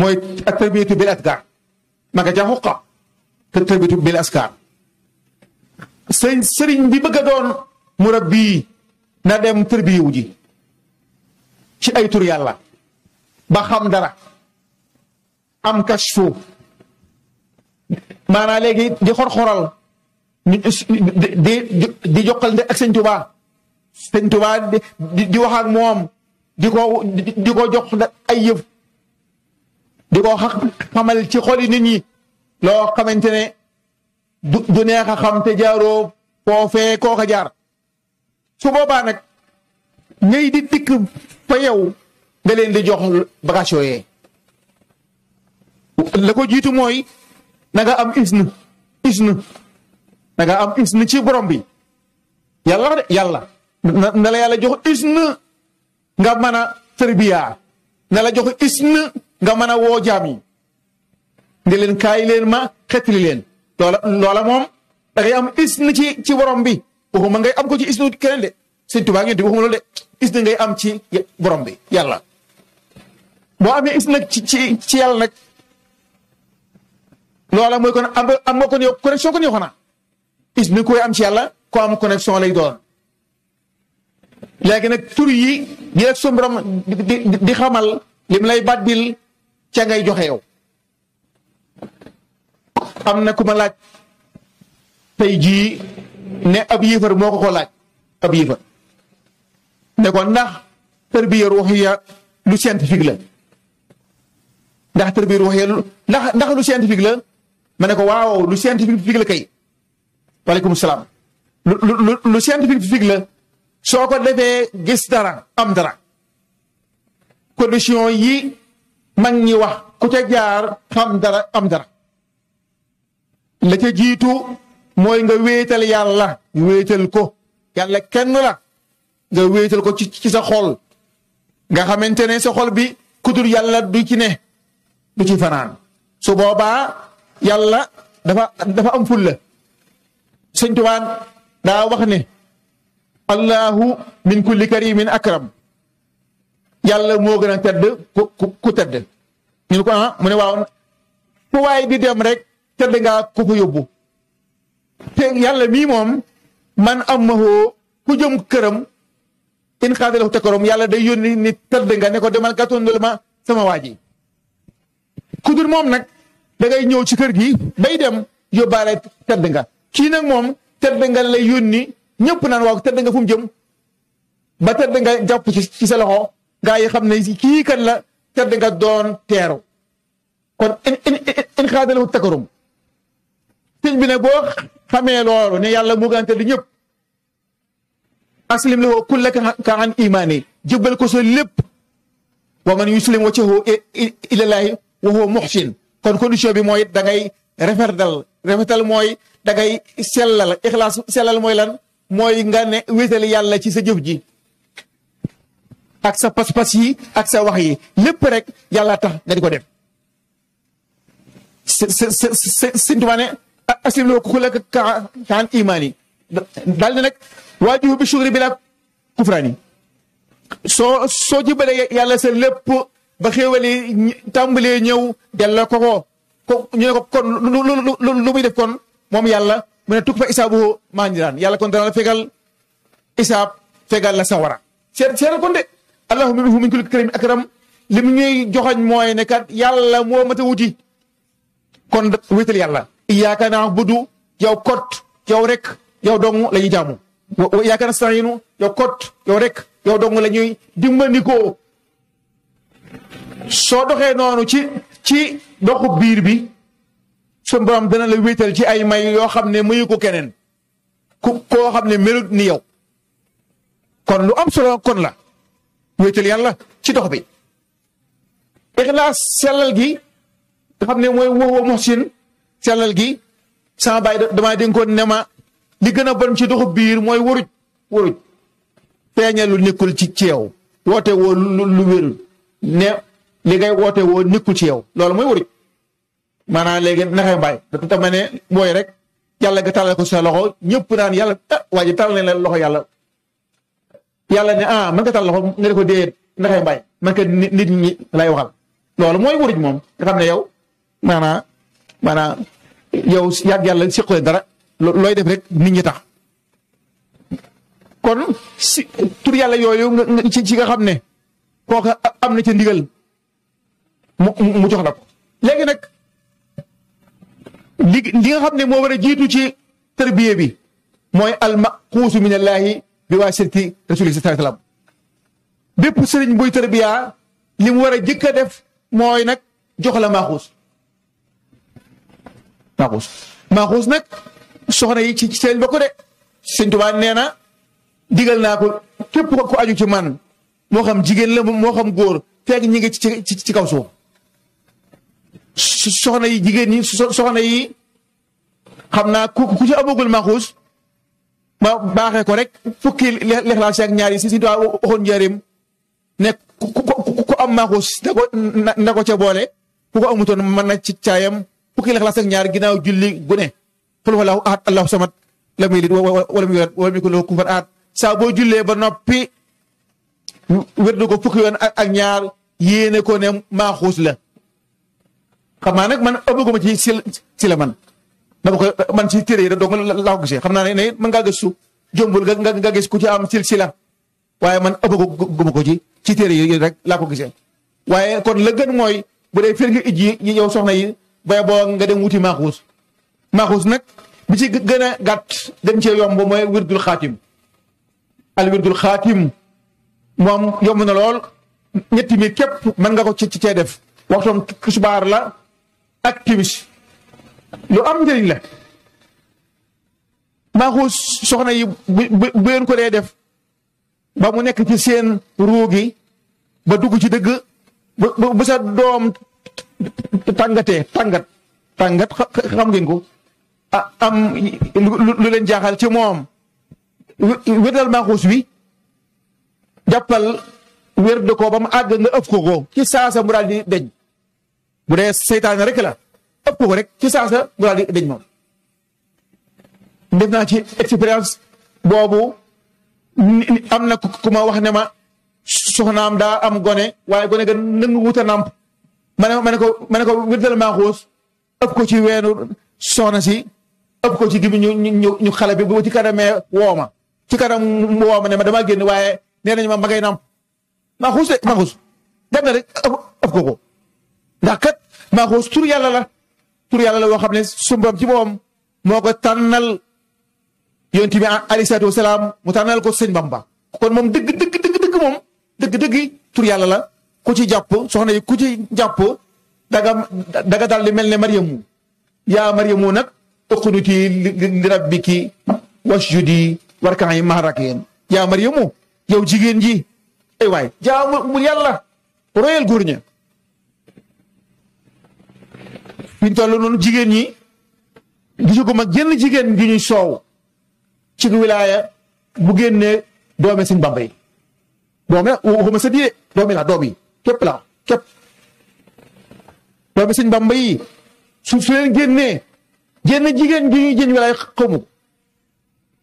mooy ak tërbiyatu bil asgar ma nga ca tërbiyatu bil asgar sëriñ bi bëgg doon murabbi na dem tërbiyewu ji ci ay tur yàlla ba xam dara am kashfu maanaa léegi di xor-xoral di di jokkal nde ak di di moom di ko di ko ay yëf di ko xamal ci xoli nit ñi loo xamante ne du neex a xam te jaaroo foofee kooka jaar su boobaa nag ñëy di dikk fa yow nga leen di jox bagage yooyee la ko jiitu mooy na nga am isnu isnu na am isnu ci borom bi yàlla de yàlla jox la yàlla nga mën a tërbiyaa na la jox isnu nga mën a woo jaam yi leen kaay leen ma xetli loola moom da am isnu ci ci borom bi waxuma ngay am ko ci isnu keneen de sëñ Tuubaa ngeen waxuma loolu de isna ngay am ci borom bi yàlla boo amee is nag ci ci ci yàlla nag loola mooy kon am am nga kon xanaa is ni koy am ci yàlla ko am connexion lay doon léegi nag tur yi di rek suñu borom di xamal lim lay bàddil ca ngay joxe yow am na ku laaj tey jii ne ab yéefar moo ko ko laaj ab yéefar ne ko ndax tërbiya ruuxiya lu scientifique la ndax tërbiya ruuxiya ndax ndax lu scientifique la ma ne ko waaw lu scientifique la kay waaleykum salaam lu seen lu scientifique la soo ko defee gis dara am dara condition yi mag ñi wax ku ca jaar xam dara am dara la mooy nga wéetal yàlla wéetal ko yàlla kenn la nga wéetal ko ci ci sa xol nga xamante ne sa xol bi kudur yàlla du ci ne du ci fanaan su boobaa yàlla dafa dafa am fulla sëñ tubaan daa wax ne allahu min kulli karimin akram yàlla moo gën a tedd ku tedd ñu ne ko ah mu ne waaw fu waay di dem rek tedd ngaa ku ko yóbbu te yàlla mii moom man am ma ku jëm këram in xaadalahu takaram yàlla day yónni ni tëdd nga ne ko demal gàttandul ma sama waa ji ku dul moom nag da ngay ñëw ci kër gi bay dem yóbbaale tëdd nga kii nag moom tëdd nga lay yónni ñëpp naan waaw tëdd nga fu mu jëm ba tëdd nga jàpp ci sa loxo gaa yi xam ne kii kan la tëdd nga doon teeru kon in in in xaadalahu takaram bi nag boo xamee loolu ne yàlla mugante di ñëpp aslim li woo kulla ka an imaani jëbbal ko sa lépp wa man yuslim wajhahu ilallaahi wa huwa muhsin kon condition bi mooy dangay ngay rafetal rafetal mooy da ngay sellal ixlaas sellal mooy lan mooy nga ne wéetal yàlla ci sa jëf ji ak sa pas-pas yi ak sa wax yi lépp rek yàlla tax nga di ko def. si aslim loo xulaka ka an imaani daal ne nag waajibu bi shukri bi kufraani soo soo jëbalee yàlla sa lépp ba xéewali tàmbalee ñëw delloo ko ko ko lu lu muy def kon moom yàlla mu ne tukk fa isaabu maa njiraan yàlla kon dara la fegal isaab fegal la sawara seet seetal kon de allahumma bihi min kulli karimin akram li mu ñuy joxoñ mooy ne kat yàlla moo mat a wuti kon wéetal yàlla iyyaka na'budu yow kot yow rek yow dong la ñuy jaamu wa iyyaka nasta'inu yow kot yow rek yow dong la ñuy dimbandikoo soo doxee noonu ci ci doxu biir bi suñu borom dana la wéetal ci ay may yoo xam ne mayu ko keneen ku koo xam ne melut ni yow kon lu am solo kon la wéetal yàlla ci dox bi ixlaas sellal gi nga xam ne mooy woo woo muhsin sellal gi sama baay damaa dénkoon ne ma li gën a bon ci doxu biir mooy waruj waruj feeñal lu nekkul ci ceew woote woo lu wérul ne li ngay woote woo nekkul ci yow loolu mooy waruj maanaam léegi naxee mbaay dafa tam ne mooy rek yàlla nga tàllal ko sa loxo ñëpp naan yàlla ah waa ji ne leen loxo yàlla yàlla ne ah man nga tàll loxo nga ne ko déet naxee bay man ka nit ñi lay waxal loolu mooy waruj moom nga xam ne yow maanaam maanaam yow yàgg yàlla siqule dara looy def rek nit ñi tax kon si tur yàlla yooyu ci ci nga xam ne kooka am na ci ndigal mu mu jox la ko léegi nag li li nga xam ne moo war a jiitu ci tarbiye bi mooy almaquusu min allaahi bi waasirati rasulihi sallallahu alayhi wasallam bépp sëriñ buy tarbiyaa li mu war a jëkk a def mooy nag jox maaxuus maaxuus maaxuus nag soxna yi ci seen ba ko de sëñ Tuubaa nee na digal naa ko képp ku aju ci moo xam jigéen la moo góor fekk ñi ngi ci ci kaw suuf soxna yi jigéen ñi soxna yi xam naa ku ci ci amagul maaxuus ma baaxee ko rek fukki lexlaas ak ñaar yi si si Tuubaa waxoon njëriñ ne ku am maaxuus na ko na ca boole ku ko amutoon mën na ci caayam fukki lixlaas ak ñaar ginnaaw julli gu ne xul walaahu ahad allahu la muy lit wala muy wér wala muy ko lahu ba noppi wérdu ko fukki yoon ak ñaar yéene ko ne maa la xam naa nag man ëppaguma ci si si la man dama ko man ci téere yi da doog ko gisee xam naa ne ne mën ngaa gëstu jombul nga nga gis ku ci am sil si la waaye man ëppaguma ko ci ci téere yi rek laa ko gisee waaye kon la gën mooy bu dee fir nga ij yi yow soxna yi bay boo nga dem wuti maaxuus maaxuus nag bi ci gën gàtt dem cee yomb mooy wirdul xaatim al wirdul xaatim moom yomb na lool ñetti képp mën nga ko ci cee def waxtoom subaar la ak timis lu am njëriñ la maaxuus soxna yi bu leen ko dee def ba mu nekk ci seen ruugi ba dugg ci dëgg bu sa doom tàngate tàngat tàngat xam ngeen ko am lu leen jaaxal ci moom wérdal maaxuus wi jàppal wérd ko ba mu àgg nga ëpp ko ko ci saasa mu di deñ bu dee seytaane rek la ëpp ko rek ci saasa mu di deñ moom def naa ci expérience boobu am na ku ma wax ne ma soxnaam daa am gone waaye gone ga nangu wuta nàmp ma ne ma ne ko ma ne ko wirdal maaxuus ëpp ko ci weenu soxna si ëpp ko ci gi ñu ñu ñu xale bi bu ci kanamee woo ma ci kanam woo ma ne ma damaa génn waaye nee nañu ma ma ngay namp maaxuus de maaxuus dem rek ëpp ko ko ndax kat maaxuus tur yàlla la tur yàlla la woo xam ne sumbam ci moom moo ko tànnal yonent bi alayhi salaatu wasalaam mu tànnal ko bam ba kon moom dëgg dëgg dëgg dëgg moom dëgg dëgg tur yàlla la ku ci japp soxna yi ku ci japp daga daga dal li mel maryam ya maryam nak nag li rabbiki wasjudi warkan yi ya maryam yow jigen ji ay way jaamu yalla royal min ña non jigen ni jigéen ñi mak génn jigen gi ñuy soow ci wilaya bu génnee doome suñ bambay doome sa die la képp la képp doomi sëñ Bamba yi su su leen génnee génn jigéen gi ñuy jën walaay xamu ko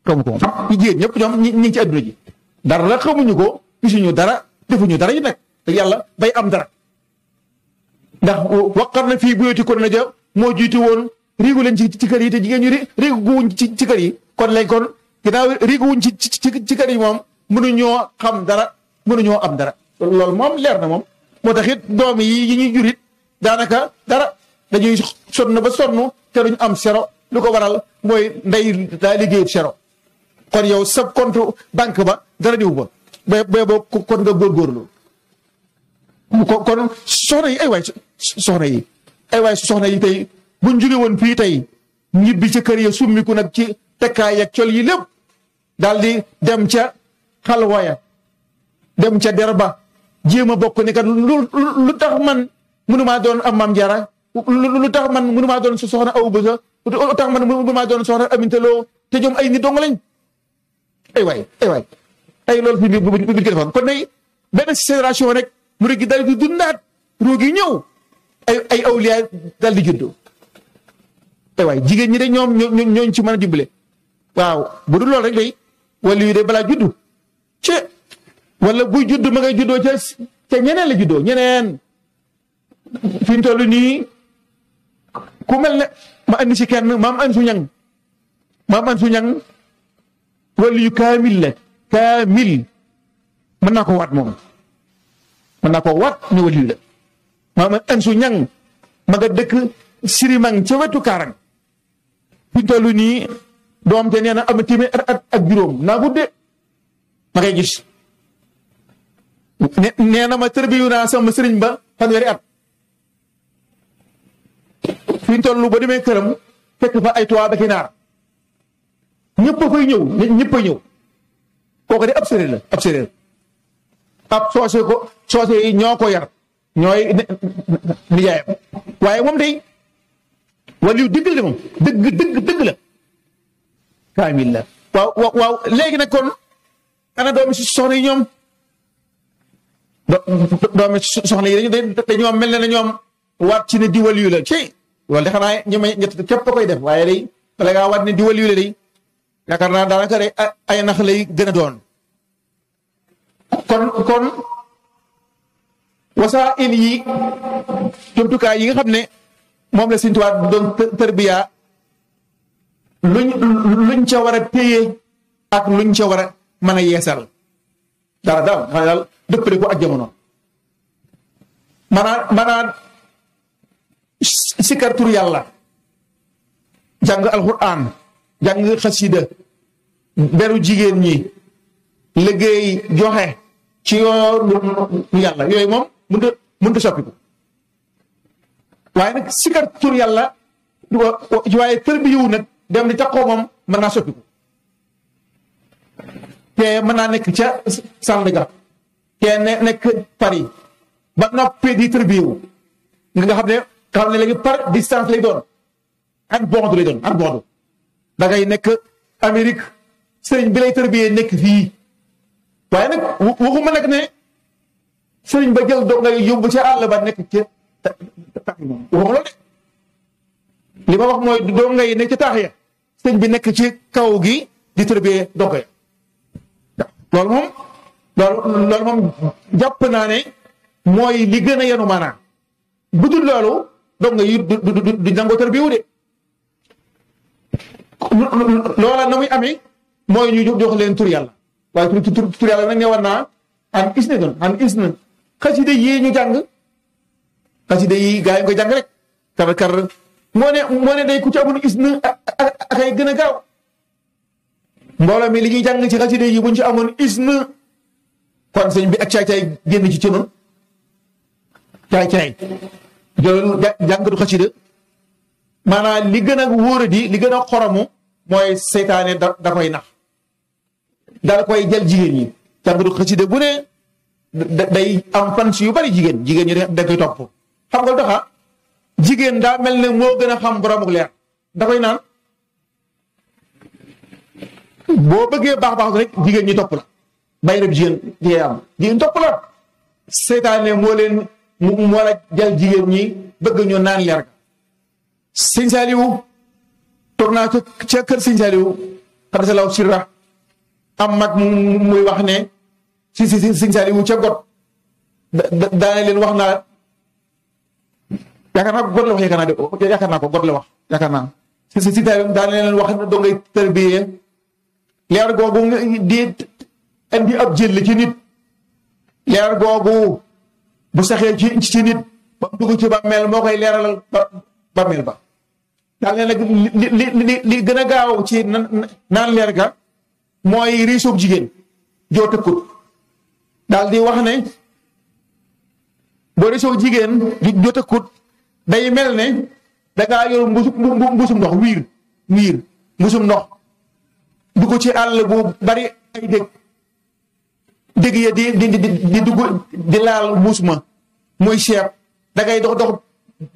xamu ko jigéen ñëpp ñoom ñi ngi ci adduna ji dara la xamuñu ko gisuñu dara defuñu dara ñu nekk te yàlla bay am dara ndax waqar na fii buyoti kon na ja moo jiitu woon riigu leen ci ci kër yi te jigéen ñu riigu wuñ ci ci kër yi kon lañ kon ginnaaw riigu wuñ ci ci ci kër yi moom mënuñoo xam dara mënuñoo am dara loolu moom leer na moom moo tax it doom yi ñuy jurit daanaka dara dañuy sonn ba sonn te duñ am sero lu ko waral mooy ndey daa liggéey sero kon yow sab kont banque ba dara diw ba ba ba boo kon nga góorgóorlu kon soxna yi ay waay soxna yi ay soxna yi tey buñ jóge woon fii tey ñibbi ci kër ya summiku nag ci tekkaay ak col yi lépp daal dem ca xalwaya dem ca derba jéem a bokk ni kat lu lu tax man mënumaa doon am maam jara lu tax man mu mënumaa doon soxna aw bësa lu tax man mënumaa doon soxna amintaloo te ñoom ay nit dong lañ ay waay ay waay ay loolu fi bi bu ko defoon kon nay benn génération rek mu rek gi daal di dundaat ruug yi ñëw ay ay awliya daal di juddu ay waay jigéen ñi de ñoom ño ci mën a dimbale waaw bu dul loolu rek day wala yu de balaa juddu wala buy judd ma ngay juddoo ca ca ñeneen la juddoo ñeneen fi mu toll ku mel ma andi si kenn maam an su ñang maam an su ñang wala yu kaamil la kaamil mën naa ko waat moom ni waliyu la maam an su ñang ma nga sirimang ca wetu kaarang fi mu toll nii te na am téeméer at ak gudde ma ngay gis nee na ma tërbiyu naa sama sëriñ ba fanweeri at fi ñu ba demee këram fekk fa ay tubaab ak naar ñëpp a koy ñëw ñëpp a ñëw kooku de ab séeréer la ab séeréer ab soose ko soose yi ñoo ko yar ñooy nijaayam waaye moom day waliyu dëgg la moom dëgg dëgg dëgg la kaamil la waaw waaw léegi nag kon ana doomi si soxna yi ñoom doomi soxna yi dañu dañoo mel ne na ñoom waat ci ne diwal yu la ci loolu de xanaa ñu may ñett koy def waaye day bala ngaa waat ne diwal yu la day yaakaar naa daanaka day ay nax lay gën a doon kon kon wasaa il yi jumtukaay yi nga xam ne moom la Sëñ Tuubaa doon tërbiya luñ luñ ca war a téye ak luñ ca war a yeesal dara dara xanaa daal dëppale ko ak jamono maanaam maanaam sikar tur yàlla jàng alxuraan jàng xasida beru jigéen ñi liggéey joxe ci yoonu yàlla yooyu moom mënut a mënut a soppiku waaye nag sikar tur yàlla waaye tër bi yiw dem di taxaw moom mën soppiku kee mën naa nekk ca Sandaga kee nekk Paris ba noppee di interview nga xam ne xam ne léegi par di lay doon ak bondu lay doon ak bondu da ngay nekk Amérique sëriñ bi lay tërbiyee nekk fii waaye nag waxuma nag ne sëriñ ba jël doog nga yóbbu ca àll ba nekk ca taax yi wax mooy doog ngay nekk ca taax ya sëriñ bi nekk ci kaw gi di tërbiyee doog loolu moom loolu moom jàpp naa ne mooy li gën a yenu maanaam bu dul loolu donc nga yi du du du du de loola na muy amee mooy ñu jox leen tur yàlla waaye tur tur tur yàlla nag ne war naa an is doon an is na xasida yi ñu jàng xasida yi gaa nga jàng rek kar moo ne day ku ci amul is na ak ay gaaw mbooloo mi li ñuy jàng ci xasida yi buñ ci amoon isna kon sëñ bi ak caay-caay génn ci cëma caay-caay jëlul jàngatu xasida maanaam li gën a wóor di li gën a xoromu mooy seytaane da da koy nax dal koy jël jigéen ñi jàngatu xasida bu ne day am fan si yu bari jigéen jigéen ñi da koy topp xam nga doxa jigéen daa mel ne moo gën a xam boromuk leer da koy naan bo beugé bax bax rek jigen ñi top la bàyyi rek jigen di am jigéen top la setané mo leen mo la jël jigen ñi bëgg ñu naan yar ga tourna ci ci kër ca kër sëñ saaliwu xadasalaw sirra am mak muy wax ne ci si sëñ ci ca da na leen wax na yaakaar naa ko got la wax yaakaar naa de yaakaar naa ko got la wax yaakaar naa ci si sëñ saaliwu daane leen wax na do ngay tërbiyee leer googu di indi ab jël ci nit leer googu bu saxee ci ci nit ba mu dugg ci bàmmeel moo koy leeralal bàmmeel ba daal ne nag li li li gën a gaaw ci naan leer ga mooy riisub jigéen joo tëkkut daal di wax ne boo riisub jigéen joo tëkkut day mel ne da ngaa yor mbusum ndox wiir wiir mbusum ndox dugg ci àll bu bari ay dégg dégg ya di di di dugg di laal mbuus ma muy seeb da dox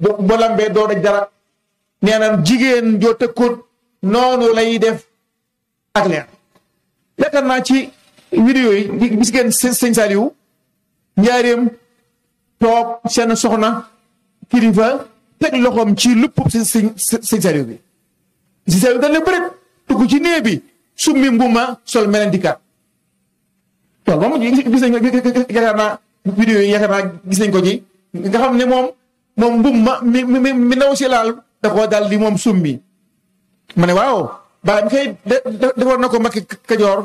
dox ba lambee doo daj dara nee na jigéen joo tëkkoon noonu lay def ak leer yaakaar naa ci vidéo yi gis ngeen sëñ Saliou njaareem toog seen soxna kilifa teg loxoom ci lupp sëñ bi sëñ Saliou dañ dugg ci néeg bi summi mbuma sol melen melendikat loolu moom gis nga yaakaar naa vidéo yi yaakaar gis nga ko ci nga xam ne mom moom mbumma mi mi naw ci lal da ko dal di mom summi mané waw ba mi kay defoon na ko makki kajoor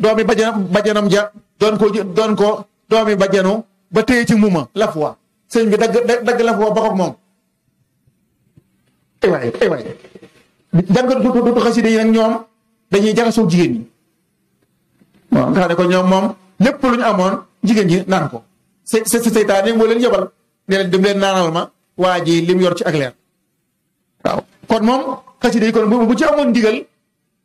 doomi bajanam bajanam ja don ko don ko doomi bajanu ba tey ci mbuma la lafuwa señ bi dag dag la ba bako mom ay way ay waay jàng du xaside yi nak ñoom dañuy jaxasoo jigéen ñi waaw nga xam ne kon ñoom moom lépp lu ñu amoon jigéen ji naan ko se se seytaane moo leen yebal ne dem leen naanal ma waa ji lim yor ci ak leer waaw kon moom xasida yi kon bu ci amoon ndigal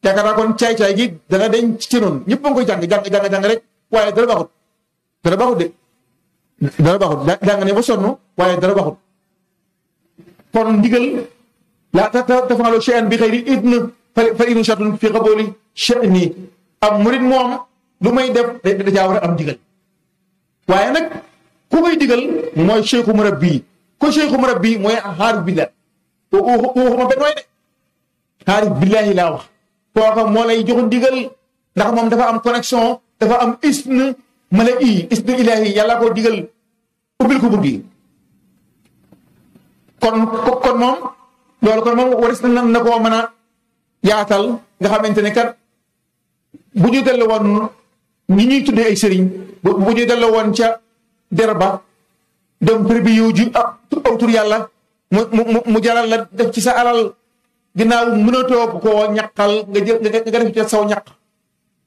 yaakaar naa kon caay-caay gi dana deñ ci noonu ñëpp a ngi koy jàng jàng jàng jàng rek waaye dara baaxut dara baaxut de dara baaxut jàng ne ba sonn waaye dara baaxut kon ndigal laa ta ta tafaalo chean bi xëy na na fa initiatun fi qabuli sha'ni am murit moom lu may def da caa war am digal waaye nag ku koy digal mooy cheikhu murabbi ko cheikhu murabbi mooy xaarif billah waxuma benn waay de moo lay jox digal ndax moom dafa am connexion dafa am isn mala i isn ilahi yàlla koo digal ubbil ko bunt kon kon moom loolu kon moom waris na na yaatal nga xamante ni kat bu ñu dellu woon ñuy tuddee ay sëriñ bu ñu dellu woon ca derba dem prix bi yu ju aw ah, tur yàlla mu mu mu jaral la def ci sa alal ginnaaw mënatoo ko ñaqal nga jël nga def ca saw ñaq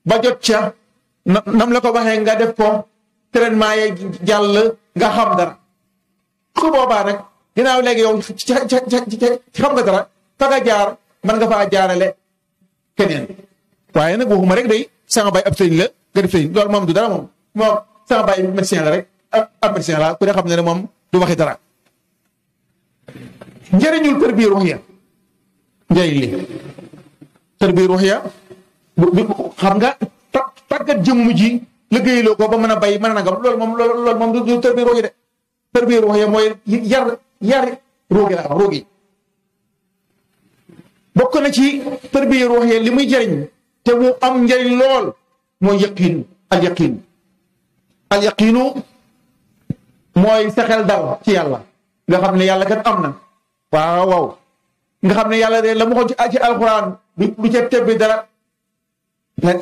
ba jot ca nam la ko waxee nga def ko traitement ye jàll nga xam dara su boobaa nag ginnaaw léegi yow ci xam nga dara fa nga jaar man nga faa jaarale keneen waye nak waxuma rek day sama bay ab sëriñ la nga def sëriñ loolu moom du dara moom moom sama bay médecin la rek ab médecin la ku ne xam ne ne du waxi dara njëriñul tër bii ruux ya njëriñ li tër bii ya, bu bu xam nga tàggat jëmm ji lo ko ba mën bay mën nga nangam mom moom mom du tër bii de tër bii ruux ya ya yar yar rogi la rogi bokk na ci tarbiya ruuxiya li muy jariñ te mu am njëriñ lool mooy yaqiin al yaqiin al yaqiinu mooy sa xel dal ci yàlla nga xam ne yàlla kat am na waaw waaw nga xam ne yàlla de la mu xoon ci ci alxuraan du du ca tebbi dara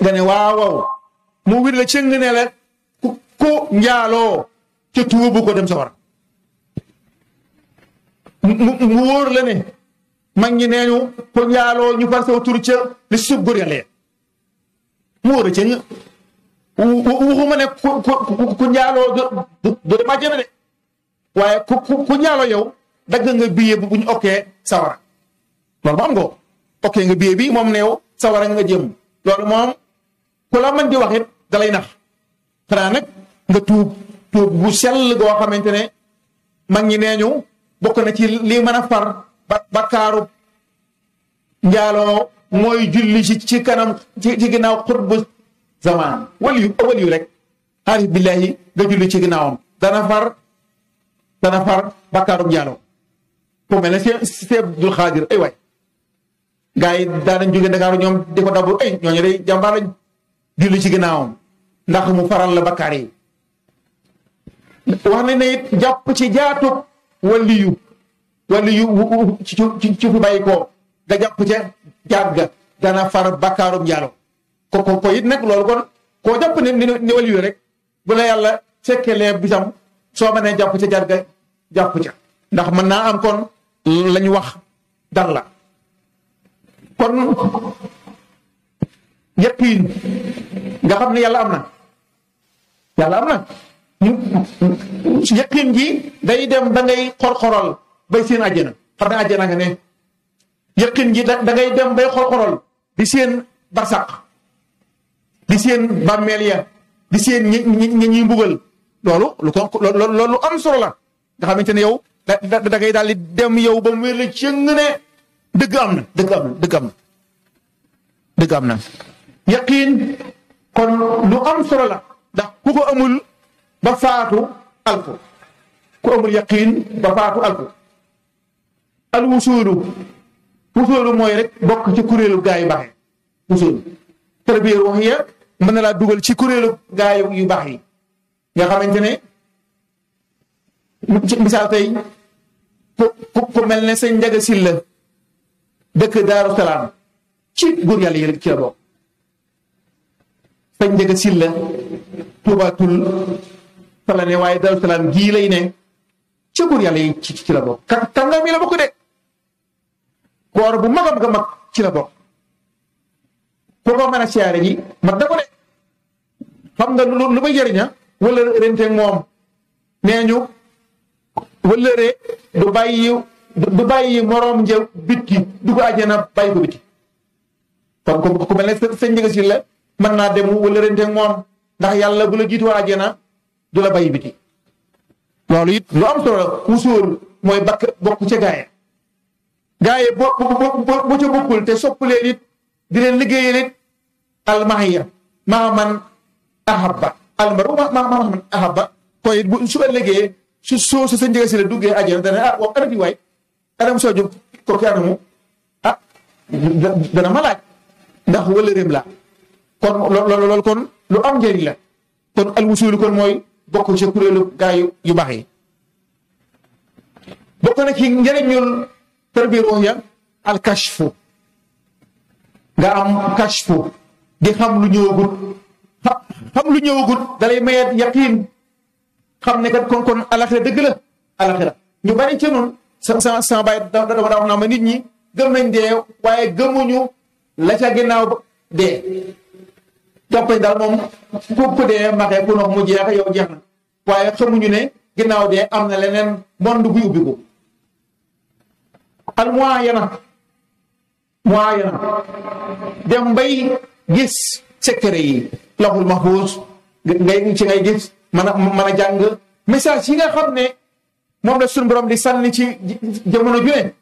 nga ne waaw mu wir la cëng ne la ku njaaloo ca tuubu ko dem sawar mu wóor la ne mag ñi nee ñu ko ñu far saw tur ca li suuf góor yàlla ya mu a ca ñu waxuma ne ku ku ku njaaloo du du dem de waaye ku ku ku njaaloo yow dagg nga billet bu ñu okkee sawara loolu moom nga okkee nga billet bi moom neew sawara nga jëm loolu moom ku la mën di wax it da lay nax xanaa nag nga tuub tuub bu sell goo xamante ne mag ñi nee ñu bokk na ci lii mën a far. ba bakkaaru njaaloo mooy julli ci kanam ci ci ginnaaw xutbu zamaan waliyu waliyu rek aarif billahi nga julli ci ginnaawam dana far dana far bakkaaru njaaloo ku mel ne Abdul Xaadir ay waay gaa yi daanañ jóge Ndakaaru ñoom di ko dabbu ay ñooñu day jàmbaar lañ julli ci ginnaawam ndax mu faral la bakkaar yi wax na ne it jàpp ci jaatub waliyu wali yu ci ci ci fi bàyyi koo nga jàpp ca jaab ga dana far bakkaarum njaalo ko ko ko it nag loolu kon koo jàpp ne ni wali yu rek bu la yàlla fekkelee bisam soo mënee jàpp ca jaab jàpp ca ndax mën naa am kon lañu wax dal la kon yaqiin nga xam ne yàlla am na yàlla am na yaqiin gi day dem da xor-xoral bay seen aljana far na àjjana nga ne yakin gi da ngay dem bay xol-xolol di seen barsak di seen bamelia ya. di seen ñi ñi mbugal lolu lu ko lolu am solo la nga xamante yow da ngay dal di dem yow ba mu wér ci ngi ne deug am deug am deug am deug am na yakin kon lu am solo la ndax ku ko amul ba faatu alko ku amul yakin ba faatu alko al wusuulu wusuulu mooy rek bokk ci kuréelu gaa yu baax yi wusuulu tarbiya ruuxiya mën na laa dugal ci kuréelu gaa yu baax yi nga xamante ne misaal tey ku ku mel ne sëñ Njaga Silla dëkk Daaru ci góor yàlla yi ci la bokk sëñ Njaga Silla tuubaatul fa la ne waaye Daaru gii lay ne ci góor yàlla yi ci ci la bokk ka kàngaam yi la bokk de koor bu mag a mag ci la bokk ku ko mën a siyaare ji ma na xam nga lu lu ba jëriña wala renteeg moom nee ñu wëllëree du bàyyi bàyyi moroom ja bitti du ko àjjana bàyyi ko bitti kon ku ku mel ne sëñ njëga si la mën naa dem wëllërenteeg moom ndax yàlla bu la jiitu àjjana du la bàyyi biti loolu it lu am solo la ku sóor mooy bakk bokk ca gaaya gaa yi boo boo boo ca bokkul te soppaleen it di leen liggéeyal it almahiya maa man ahabba almaru ma ma man ahabba kon it bu su ëllëgee su soo sa njëge si la duggee àjjana dana ah waaw ana fi waay anam soo jóg kooku anamu ah dana ma laaj ndax wala réem la kon loolu loolu kon lu am njëriñ la kon alwusuul kon mooy bokk ci kuréelu gaa yu baax yi bokk na ci njëriñul première ya al nga am kashfu di xam lu ñëwagut xam lu ñëwagut dalay mayet yaqiin xam ne kat kon kon alaxira dëgg la alaxira ñu bari ci noonu sa sa sa bàyyi da dama daa naa ma nit ñi gëm nañ dee waaye gëmuñu la ca ginnaaw dee toppañ daal moom ku ku dee maxee ku nox mu jeex yow jeex na waaye xamuñu ne ginnaaw dee am na leneen monde buy ubbiku al muayana na dem bay gis secret yi lawhul mahfuz ngay ci ngay gis mën a mën a jàng message yi nga xam ne moom la suñu borom di sànni ci jamono ju ne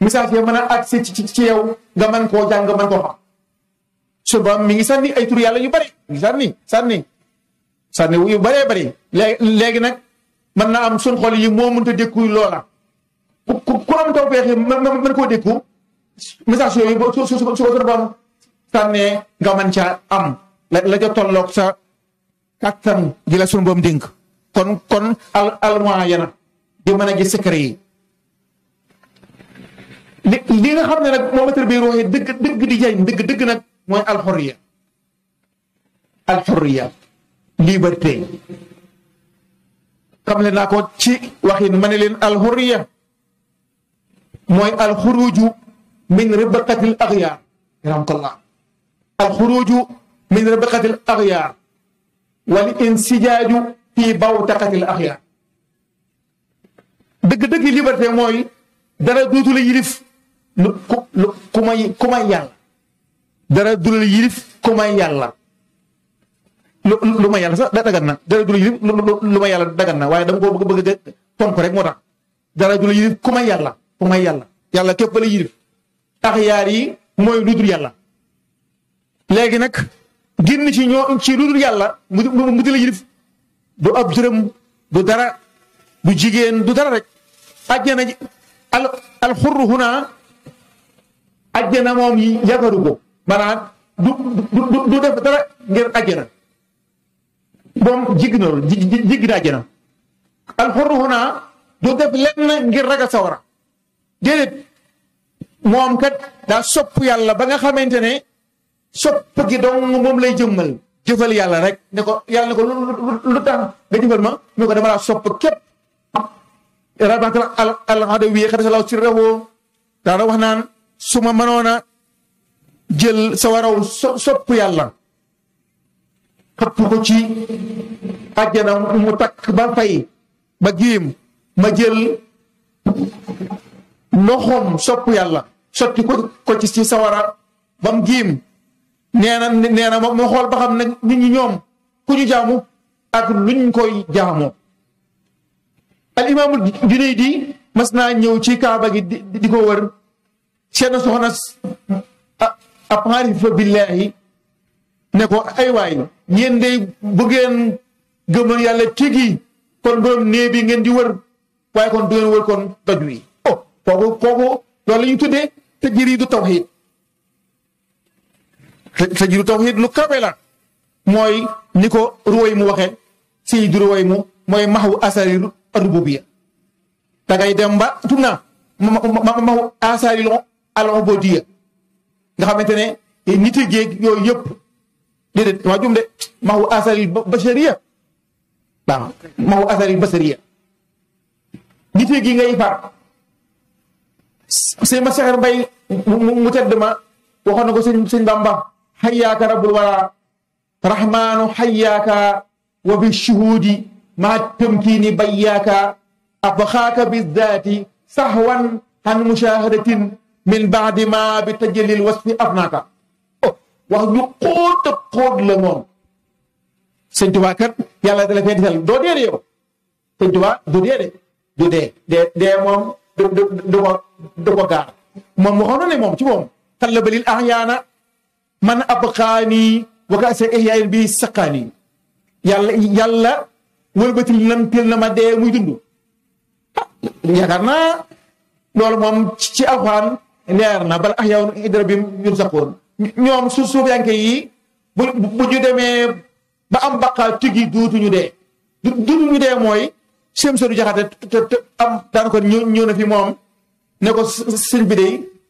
message yi mën a accès ci ci yow nga mën koo jàng mën koo xam suñu borom mi ngi sànni ay tur yàlla yu bëri mi ngi sànni sànni sànni yu bare bëri léegi nag mën na am suñ xol yi moo mënta dékku loola ku am tawfeex mën koo dékku message yooyu ba su su su ko borom tànnee nga am la la ca tolloog sa kattan gi la kon kon al almoa di mën a secret li li nga xam ne nag moom la tërbi ruuxee dëgg dëgg di jaay dëgg dëgg nag mooy alxurriya alxurriya liberté xam ci waxin al khuruj min ribaqati al axyaar al khuruj min ribaqati al axyaar wal insijaj fi bawtaqati al axyaar deug deug liberté moy dara dutul yirif yilif lu ku may ku may yàlla dara dutul yirif yilif ku may yalla lu lu ma dagan na dara dutul yirif luma yalla dagan na waye dama ko bëgg bëgg tonk rek motax dara dutul yirif yilif may ku may yàlla yàlla képp la yirif axyaar yi mooy lu dul yàlla léegi nag génn ci ñoo ci lu dul yàlla mu di la yirif du ab dërëm du dara du jigéen du dara rek ajjana al al xurru huna ajjana moom yafaru ko maanaam du du du def dara ngir ajjana moom jigg na loolu jigg na ajjana al xurru huna du def lenn ngir ragal sawara déedéet moom kat daa sopp yàlla ba nga xamante ne sopp gi dong moom lay jëmmal jëfal yàlla rek ne ko yàlla ne ko lu tax nga jëfal ma mu ko dama laa sopp képp rabatal daana wax naan su ma mënoon a jël sa waraw sopp yàlla xëpp ko ci àjjana mu takk ba fay ba giim ma jël loxoom sopp yàlla sotti ko ko ci ci sawara ba giim nee na nee na ma xool ba xam nag nit ñi ñoom ku ñu jaamu ak luñ koy jaamoo al imaamul Junaydi mas naa ñëw ci kaaba gi di ko wër seen soxna ab xaarifa billaahi ne ko ay waay yéen day bu ngeen yàlla tigi kon borom néeg bi ngeen di wër waaye kon du ngeen wër kon doj wi kooku kooku loolu la ñu tuddee tajriidu tawxiid tajriidu tawxiid lu kawe mooy ni ko ruway mu waxee si du ruway mu mooy maxu asari rububiya da ngay dem ba na naa ma ma maxu asari al ubudiya nga xamante ne nit yi géeg yooyu yëpp déedéet dama jum de maxu asari bashariya waaw maxu asari bashariya nit yi gi ngay far سيما ma saxir mbay mu tedd ma waxoon na ko sëñ sëñ bamba xayyaaka rabbul wara rahmaanu xayyaaka wa bi shuhudi maa tamkiini bayyaaka أبخاك بالذات سهوا عن مشاهدة من بعد ما بتجلي الوصف أفناك وهو قوت قوت لهم سنتوا كات يلا تلفين تلفين دو دير يو سنتوا دو دير دو دير دي دي da da da ko gaar moom waxoon na ne moom ci moom xallabalil ahyaana man abqaani wa kaasa ihyaayin bi saqaani yàlla yàlla wëlbatil nan teel na ma dee muy dund ah yaakaar naa loolu moom ci alxuraan leer na bal ahyaawun inda rabbihim yurzaqoon ñoom suuf suuf yanke yi bu bu ñu demee ba am baqaa tigi duutuñu dee duutuñu dee mooy Cheikh Seydou Diakhaté te te am daanaka ñëw ñëw na fi moom ne ko sëñ bi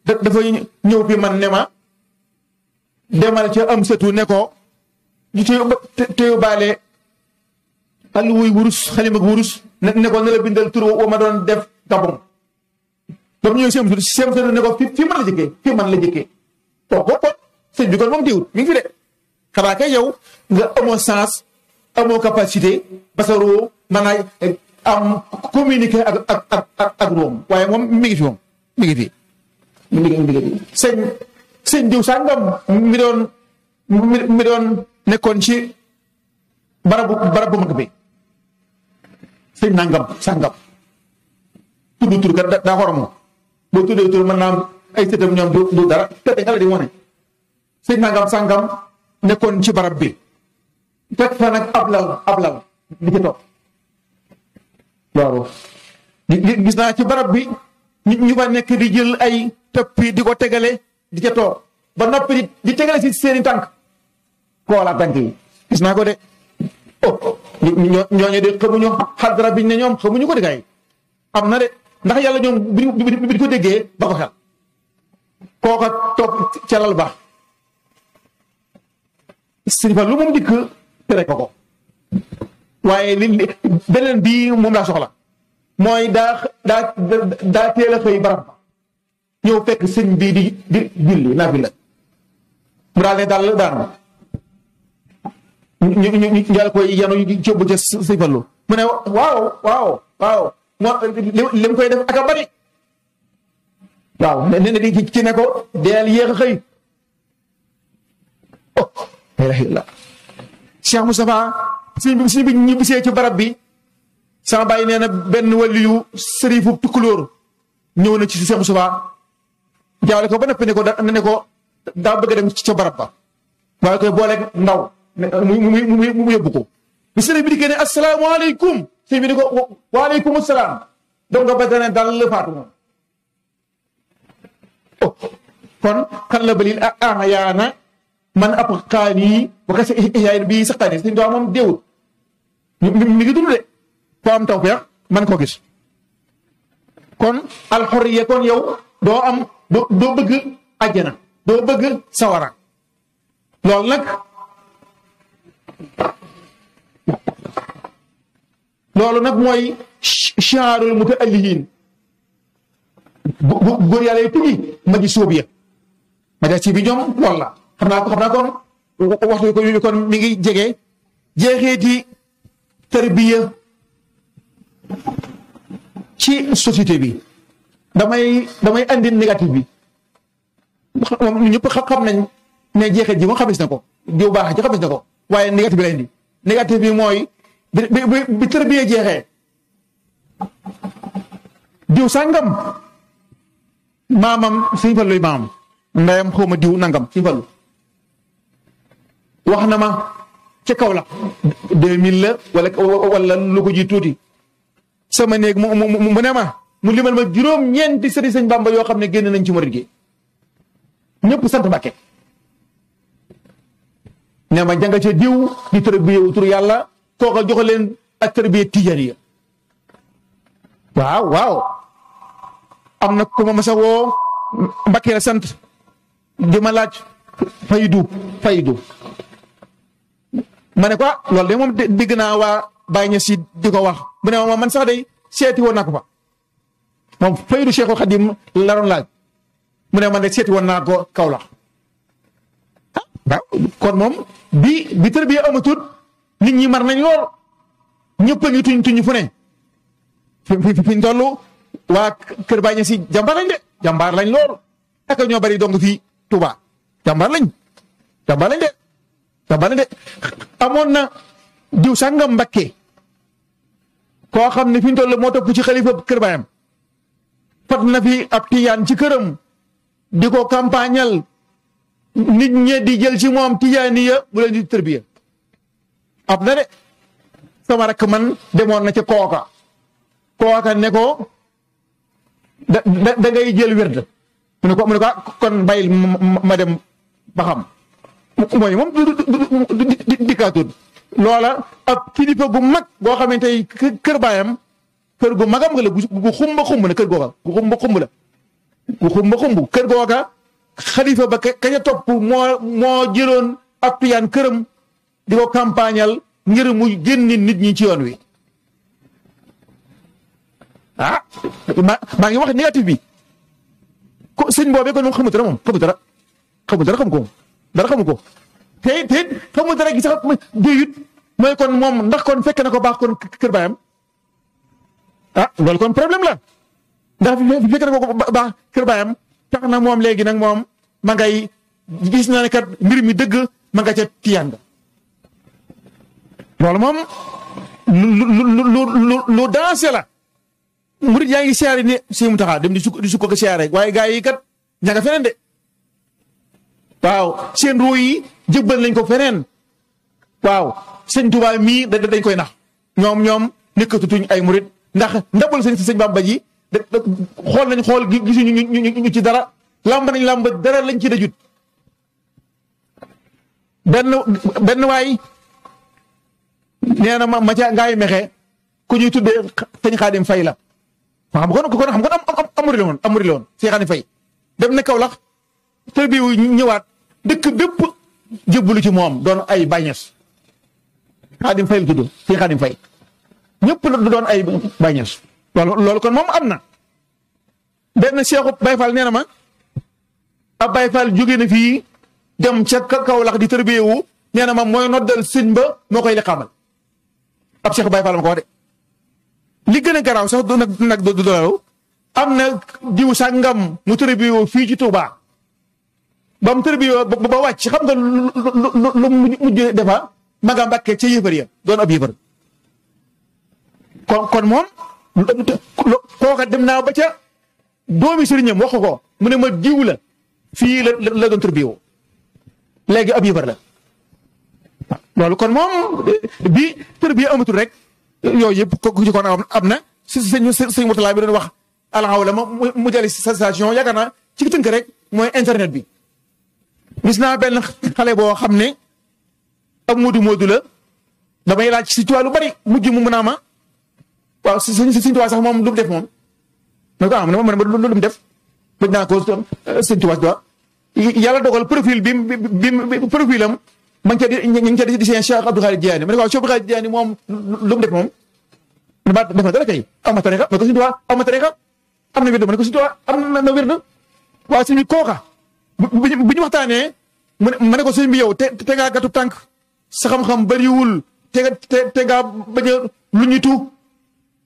de dafa ñëw fi man ne ma demal ca am sëtu ne ko te te yóbbaale alluwuy wurus xalima ak wurus ne ko ne la bindal tur ma doon def gabon. ba mu ñëw Cheikh Seydou Cheikh Seydou ne ko fi fi man la jëkkee fi man la jëkkee kooku kon sëñ bi kon moom teewul mi ngi fi de xanaa kay yow nga amoo sens amoo capacité basaru mën am communiqué ak ak ak ak ak room waye mom mi ngi fi mom mi ngi fi. mi ngi mi ngi fi sen sëñ diw sàngam mi don mi don nekkon ci barabu barabu mag bi sen nangam sangam tudu tudu kat da xorom bo tudu tudu man nam ay setam ñom du dara te dañ di woné sen nangam sangam nekkon ci barab bi tek fa nak ablaw ablaw di ci top waaw gis naa ci barab bi nit ñu fa nekk di jël ay tëppi di ko tegale di ca toog ba noppi di tegale si seeni tànk koolaa tànk yi gis naa ko de oh ñooñu de xamuñu xadra bi ne ñoom xamuñu ko de kay am na de ndax yàlla ñoom bi ko déggee ba ko xel kooka toog calal ba sëriñ fa lu mu dikk tere ko ko waaye li beneen bii moom laa soxla mooy daa daa daa teel a xëy barab ba ñëw fekk sëñ bii di di julli naafila mu daal ne daal daanam ñu ñu ñu daal koy yanu jóbbu ca sëñ Fallu mu ne waaw waaw waaw li koy def ak a bari waaw ne ne di ci ne ko deel yéex a xëy oh la ilaha illallah Cheikh Moustapha suñ bi suñ bi ñibbisee ci barab bi sama bàyyi nee na benn waliyu sërifu tukkulóor ñëw na ci Cheikh Moustapha jaawale ko ba noppi ne ko da ne ko a dem ci ca barab ba boole ndaw mu mu mu yóbbu bi sëriñ bi di ne asalaamaaleykum sëriñ bi di ko waaleykum salaam donc ba dana dal la faatu oh, kon kan la balil a aana yaana man abqani wa kasi ihyain bi saqani sëñ Tuubaa moom deewut mi ngi dund de ko am tawfiq man ko gis kon al hurriya kon yow doo am doo bëgg àjjana doo bëgg sawara loolu nag loolu nag mooy shiarul bu bu yàlla yi tigi ma ji sóobiya ma ja si bi ñoom loolu la xam naa ko xam naa ko waxtu ko yu kon mi ngi jege jeexeeti tarbiya ci société bi damay damay andi négatif bi moom ñëpp xam nañ ne jeexeet ji moom xamis na ko jiw baax ji xamis ko waaye négatif bi lay bi mooy bi bi bi tarbiya jeexee diw sàngam maamam suñu falluy maam ndayam xawma diw nangam suñu fallu waxna ma ci kaw la 2000 la wala wala lu ko ji tuti sama neeg mu mu ne ma mu limal ma juróom ñenti seri sëñ bamba yo xamne genn nañ ci murid gi ñepp sante bakke ne ma jàng ca di tërbiye wutur yàlla kooka jox leen ak tërbiye tijariya waaw waaw am na ma sa wo mbàkke la sante di ma laaj faydu faydu mané ne ko loolu de moom si di wax bu né ma man sax day séti won nako fa mom feydou cheikhou Khadim la ron laaj mu né man séti won nako kon mom bi bi terbi amatul nit ñi mar nañ lol ñepp ñu tuñ tuñ fu né fi wa kër si lañ de jambar lañ lol ak ñoo bari dong fi Touba jambar lañ jambar lañ de tabanade de amona diw sàngam mbakke ko xam ne fi mu toll moo topp ci xalifa kër fat na fi ab tiyaan ci di ko kampanyal nit ñe di jël ci moom tiyaani ya mu leen di tërbiya ab de sama rakk man demoon na ca kooka kooka ne ko da da ngay jël wird mu ne ko mu ne ko ah, kon bayil ma kuma yi moom du du du dikkaatut loola ab kilifa gu mag boo xamante ni kër baayam kër gu magam nga la gu xumba xumb la kër googa gu xumba xumb la gu xumba xumb kër googa xalifa ba kañ topp moo moo jëloon ab tuyaan këram di ko campagnal ngir mu génni nit ñi ci yoon wi ah maa ngi wax négatif bi ko sëñ boobee kon moom xamut dara moom xamut dara xamut dara xam ko moom dara xamuko ko te te xamu dara gi sax déyut kon mom ndax kon fekk nako bax kon keur bayam ah lol kon problème la ndax fekk nako bax keur bayam baayam tax na moom léegi nag moom ma ngay gis na kat mbir mi deug ma nga ca tiyanda lol mom lu lu lu lu la murid yaangi ngi ni si mu dem di sukk di sukk ko siyaare waye gaay yi kat ña fenen de waaw seen ruu yi jëbbal nañ ko feneen waaw sëñ Tuubaa mii da dañ koy nax ñoom ñoom nekkatutuñ ay murit ndax ndabal sëñ si sëñ Bàmba ji xool nañ xool gisuñu ñu ci dara làmb nañ làmb dara lañ ci dajut benn waay nee na ma ma ca mexe ku ñuy tuddee sëñ Xaadim Fay la ma xam kon kon xam kon am amuri la woon see la woon sëñ Fay dem na Kawlax tërbiwu ñëwaat dekk bepp jeblu ci mom don ay bañes xadim fay la tudd xadim fay ñepp la doon ay bañes loolu kon mom amna ben benn seexu Baay ma ab na fi dem Kawlax di terbeewu neena ma moy noddal sëñ ba mo koy xamal ab seexu Baay Faal de li gëna a sax du nak du do do amna diw sangam mu terbeewu fi ci touba ba mu tërbiyoo ba wàcc xam nga lu lu lu mujj defa magam bàkkee ca yëfër ya doon ab yëfër kon kon moom kooka dem naa ba ca doomi sëriñam wax ko mu ne ma jiw la fii la la doon tërbiyoo léegi ab yëfër la loolu kon moom bi tërbiya amatul rek yooyu yëpp ko ci kon am na si sëñ sëñ Murtala bi doon wax alxawla mu mu jëli sensation yaakaar naa ci tënk rek mooy internet bi gis naa benn xale boo xam ne ab moodu moodu la damay laaj si tuwaa lu bari mujj mu mën a ma waaw si si si tuwaa sax moom lu mu def moom. ma ko ah man ma lu mu def bëgg naa ko euh, sëñ tuwaa yàlla dogal profil bi bi profil am ma ngi cee di ñu ngi cee di seen Cheikh Abdou Khadir Diané ma ne ko waaw Cheikh Abdou Khadir Diané moom lu mu def moom. ma baat ah, def na dara kay am na tariqa ma ne ko sëñ tuwaa am na tariqa am na wérd ma ne ko sëñ tuwaa am na wérd waaw sëñ bi kooka. buñu waxtane waxtaanee ne ko sëñ bi yow té nga gatu tank sa xam-xam bari wul té te ngaa bañ a tu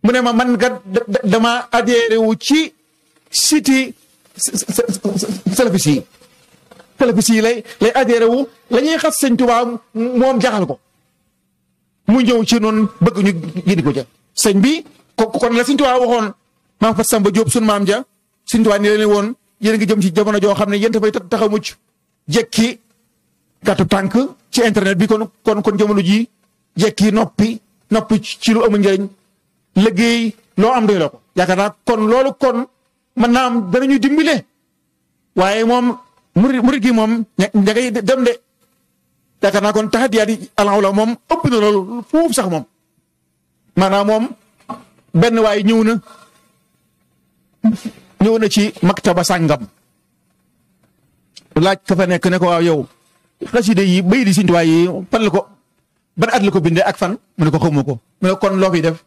mu ne ma man kat dama adhéré wu ci city salafis yi lay lay adhéré wu lañuy xass sëñ Tuubaa moom jaxal ko mu ñëw ci non bëgg ñu gindi ko ja sëñ bi kon la sëñ Tuubaa waxon ma fa Samba job sun maam ja sëñ Tuubaa ni leen won yéen a ngi jëm ci jamono joo xam ne yéen dafay taxa mucc jekki gàttu tànk ci internet bi kon kon kon jamono jii jekki noppi noppi ci lu amul njëriñ liggéey loo am doy ko yaakaar naa kon loolu kon mën naa am danañuy dimbile waaye moom murid murid gi moom ña ngay dem de yaakaar naa kon taxadiyaat yi alhamdulilah moom ëpp na loolu foofu sax moom maanaam moom benn waay ñëw na ñëw na ci maktaba sàngam laaj ka nekk ne ko yow xaside yi bay di Sëñ la ko ban at ko bindee ak fan mu ko xamu ko mu kon loo fi def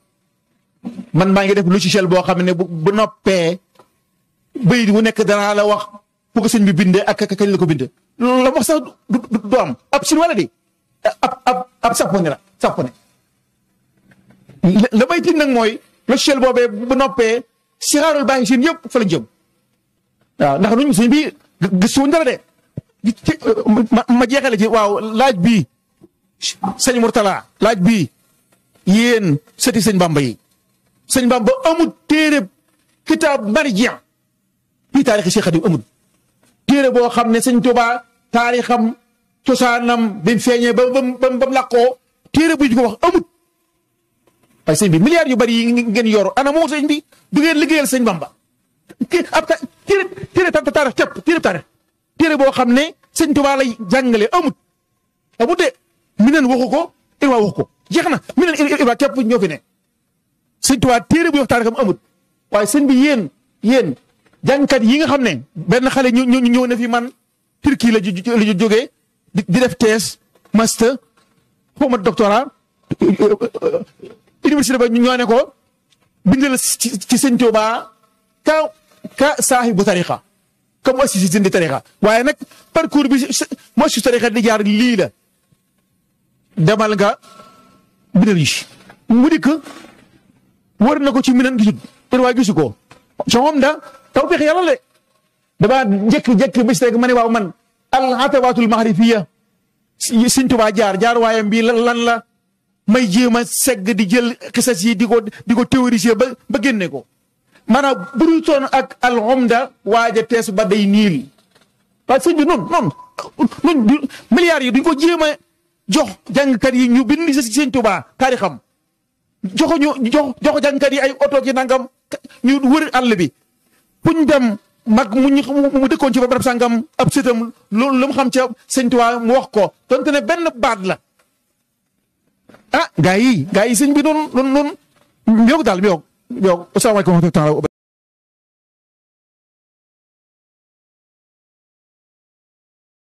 man maa ngi def logiciel boo xam ne bu bu noppee bay bu nekk danaa la wax ko sëñ bi bindee ak kañ la ko sax du am ab sin wala di ab ab ab sàppone la sàppone la may tiit nag mooy logiciel boobee bu noppee siraarul bàyyi siin yëpp fa lañ jëm waaw ndax nuñ suñ bi gëstu wuñ de euh, ma jeexale ci waaw laaj bii sëñ Mourtala laaj bii yéen sëti sëñ Bamba yi sëñ Bamba amul téere kitaab marjien bii taarixi Cheikh Xadim amul téere boo xam ne sëñ Tuubaa taarixam cosaanam bi mu feeñee ba ba mu làqoo téere bu ñu wax amut waaye sëñ bi milliards yu bari yi ngeen yoru ana moo sëñ bi du ngeen liggéeyal sëñ Bamba kii ab ta téere téere tant taarix téere boo xam ne sëñ Tuubaa lay jàngale amut amut de mi neen waxu ko Iba waxu ko jeex na mi neen Iba cëpp ñoo fi ne sëñ Tuubaa téere bu yox taarixam amut waaye sëñ bi yéen yéen jàngkat yi nga xam ne benn xale ñu ñu ñëw ne fi man Turquie la ju la ju jógee di def thèse master xaw ma doctorat université ba ñoo ne ko bindal ci ci sëñ Tuubaa ka ka saahibu tariqa ka mu assis sëñ tariqa waaye nag parcours bi mu assis tariqa di jaar lii la demal nga bindal yi mu dikk wër na ko ci minan gisut ten waaye gisu ko so moom da tawfiq yàlla le damaa jékki-jékki bis rek ma ne waaw man al atawatul mahrifiyya sëñ jaar jaar waayam bii lan la may jema seg di jël xisas yi di diko di théoriser ba ba nego? ko mana buru ak alxomda waja tes ba day nil parce que non non non noonu milliards yi duñ ko jéem a jox jàngkat yi ñu bind ci seigne touba taarixam joxo ñu jox jox jàngkat yi ay auto ki nangam ñu wër all bi puñ dem mag mu ñu mu dekkon ci barab sangam ab sëtam loolu lu mu xam ci seigne touba mu wax ko benn baat la ah gaa yi gaa yi sëñ bi noonu noonu noonu mbiyoog daal mbiyoog mbiyoog asalaamaaleykum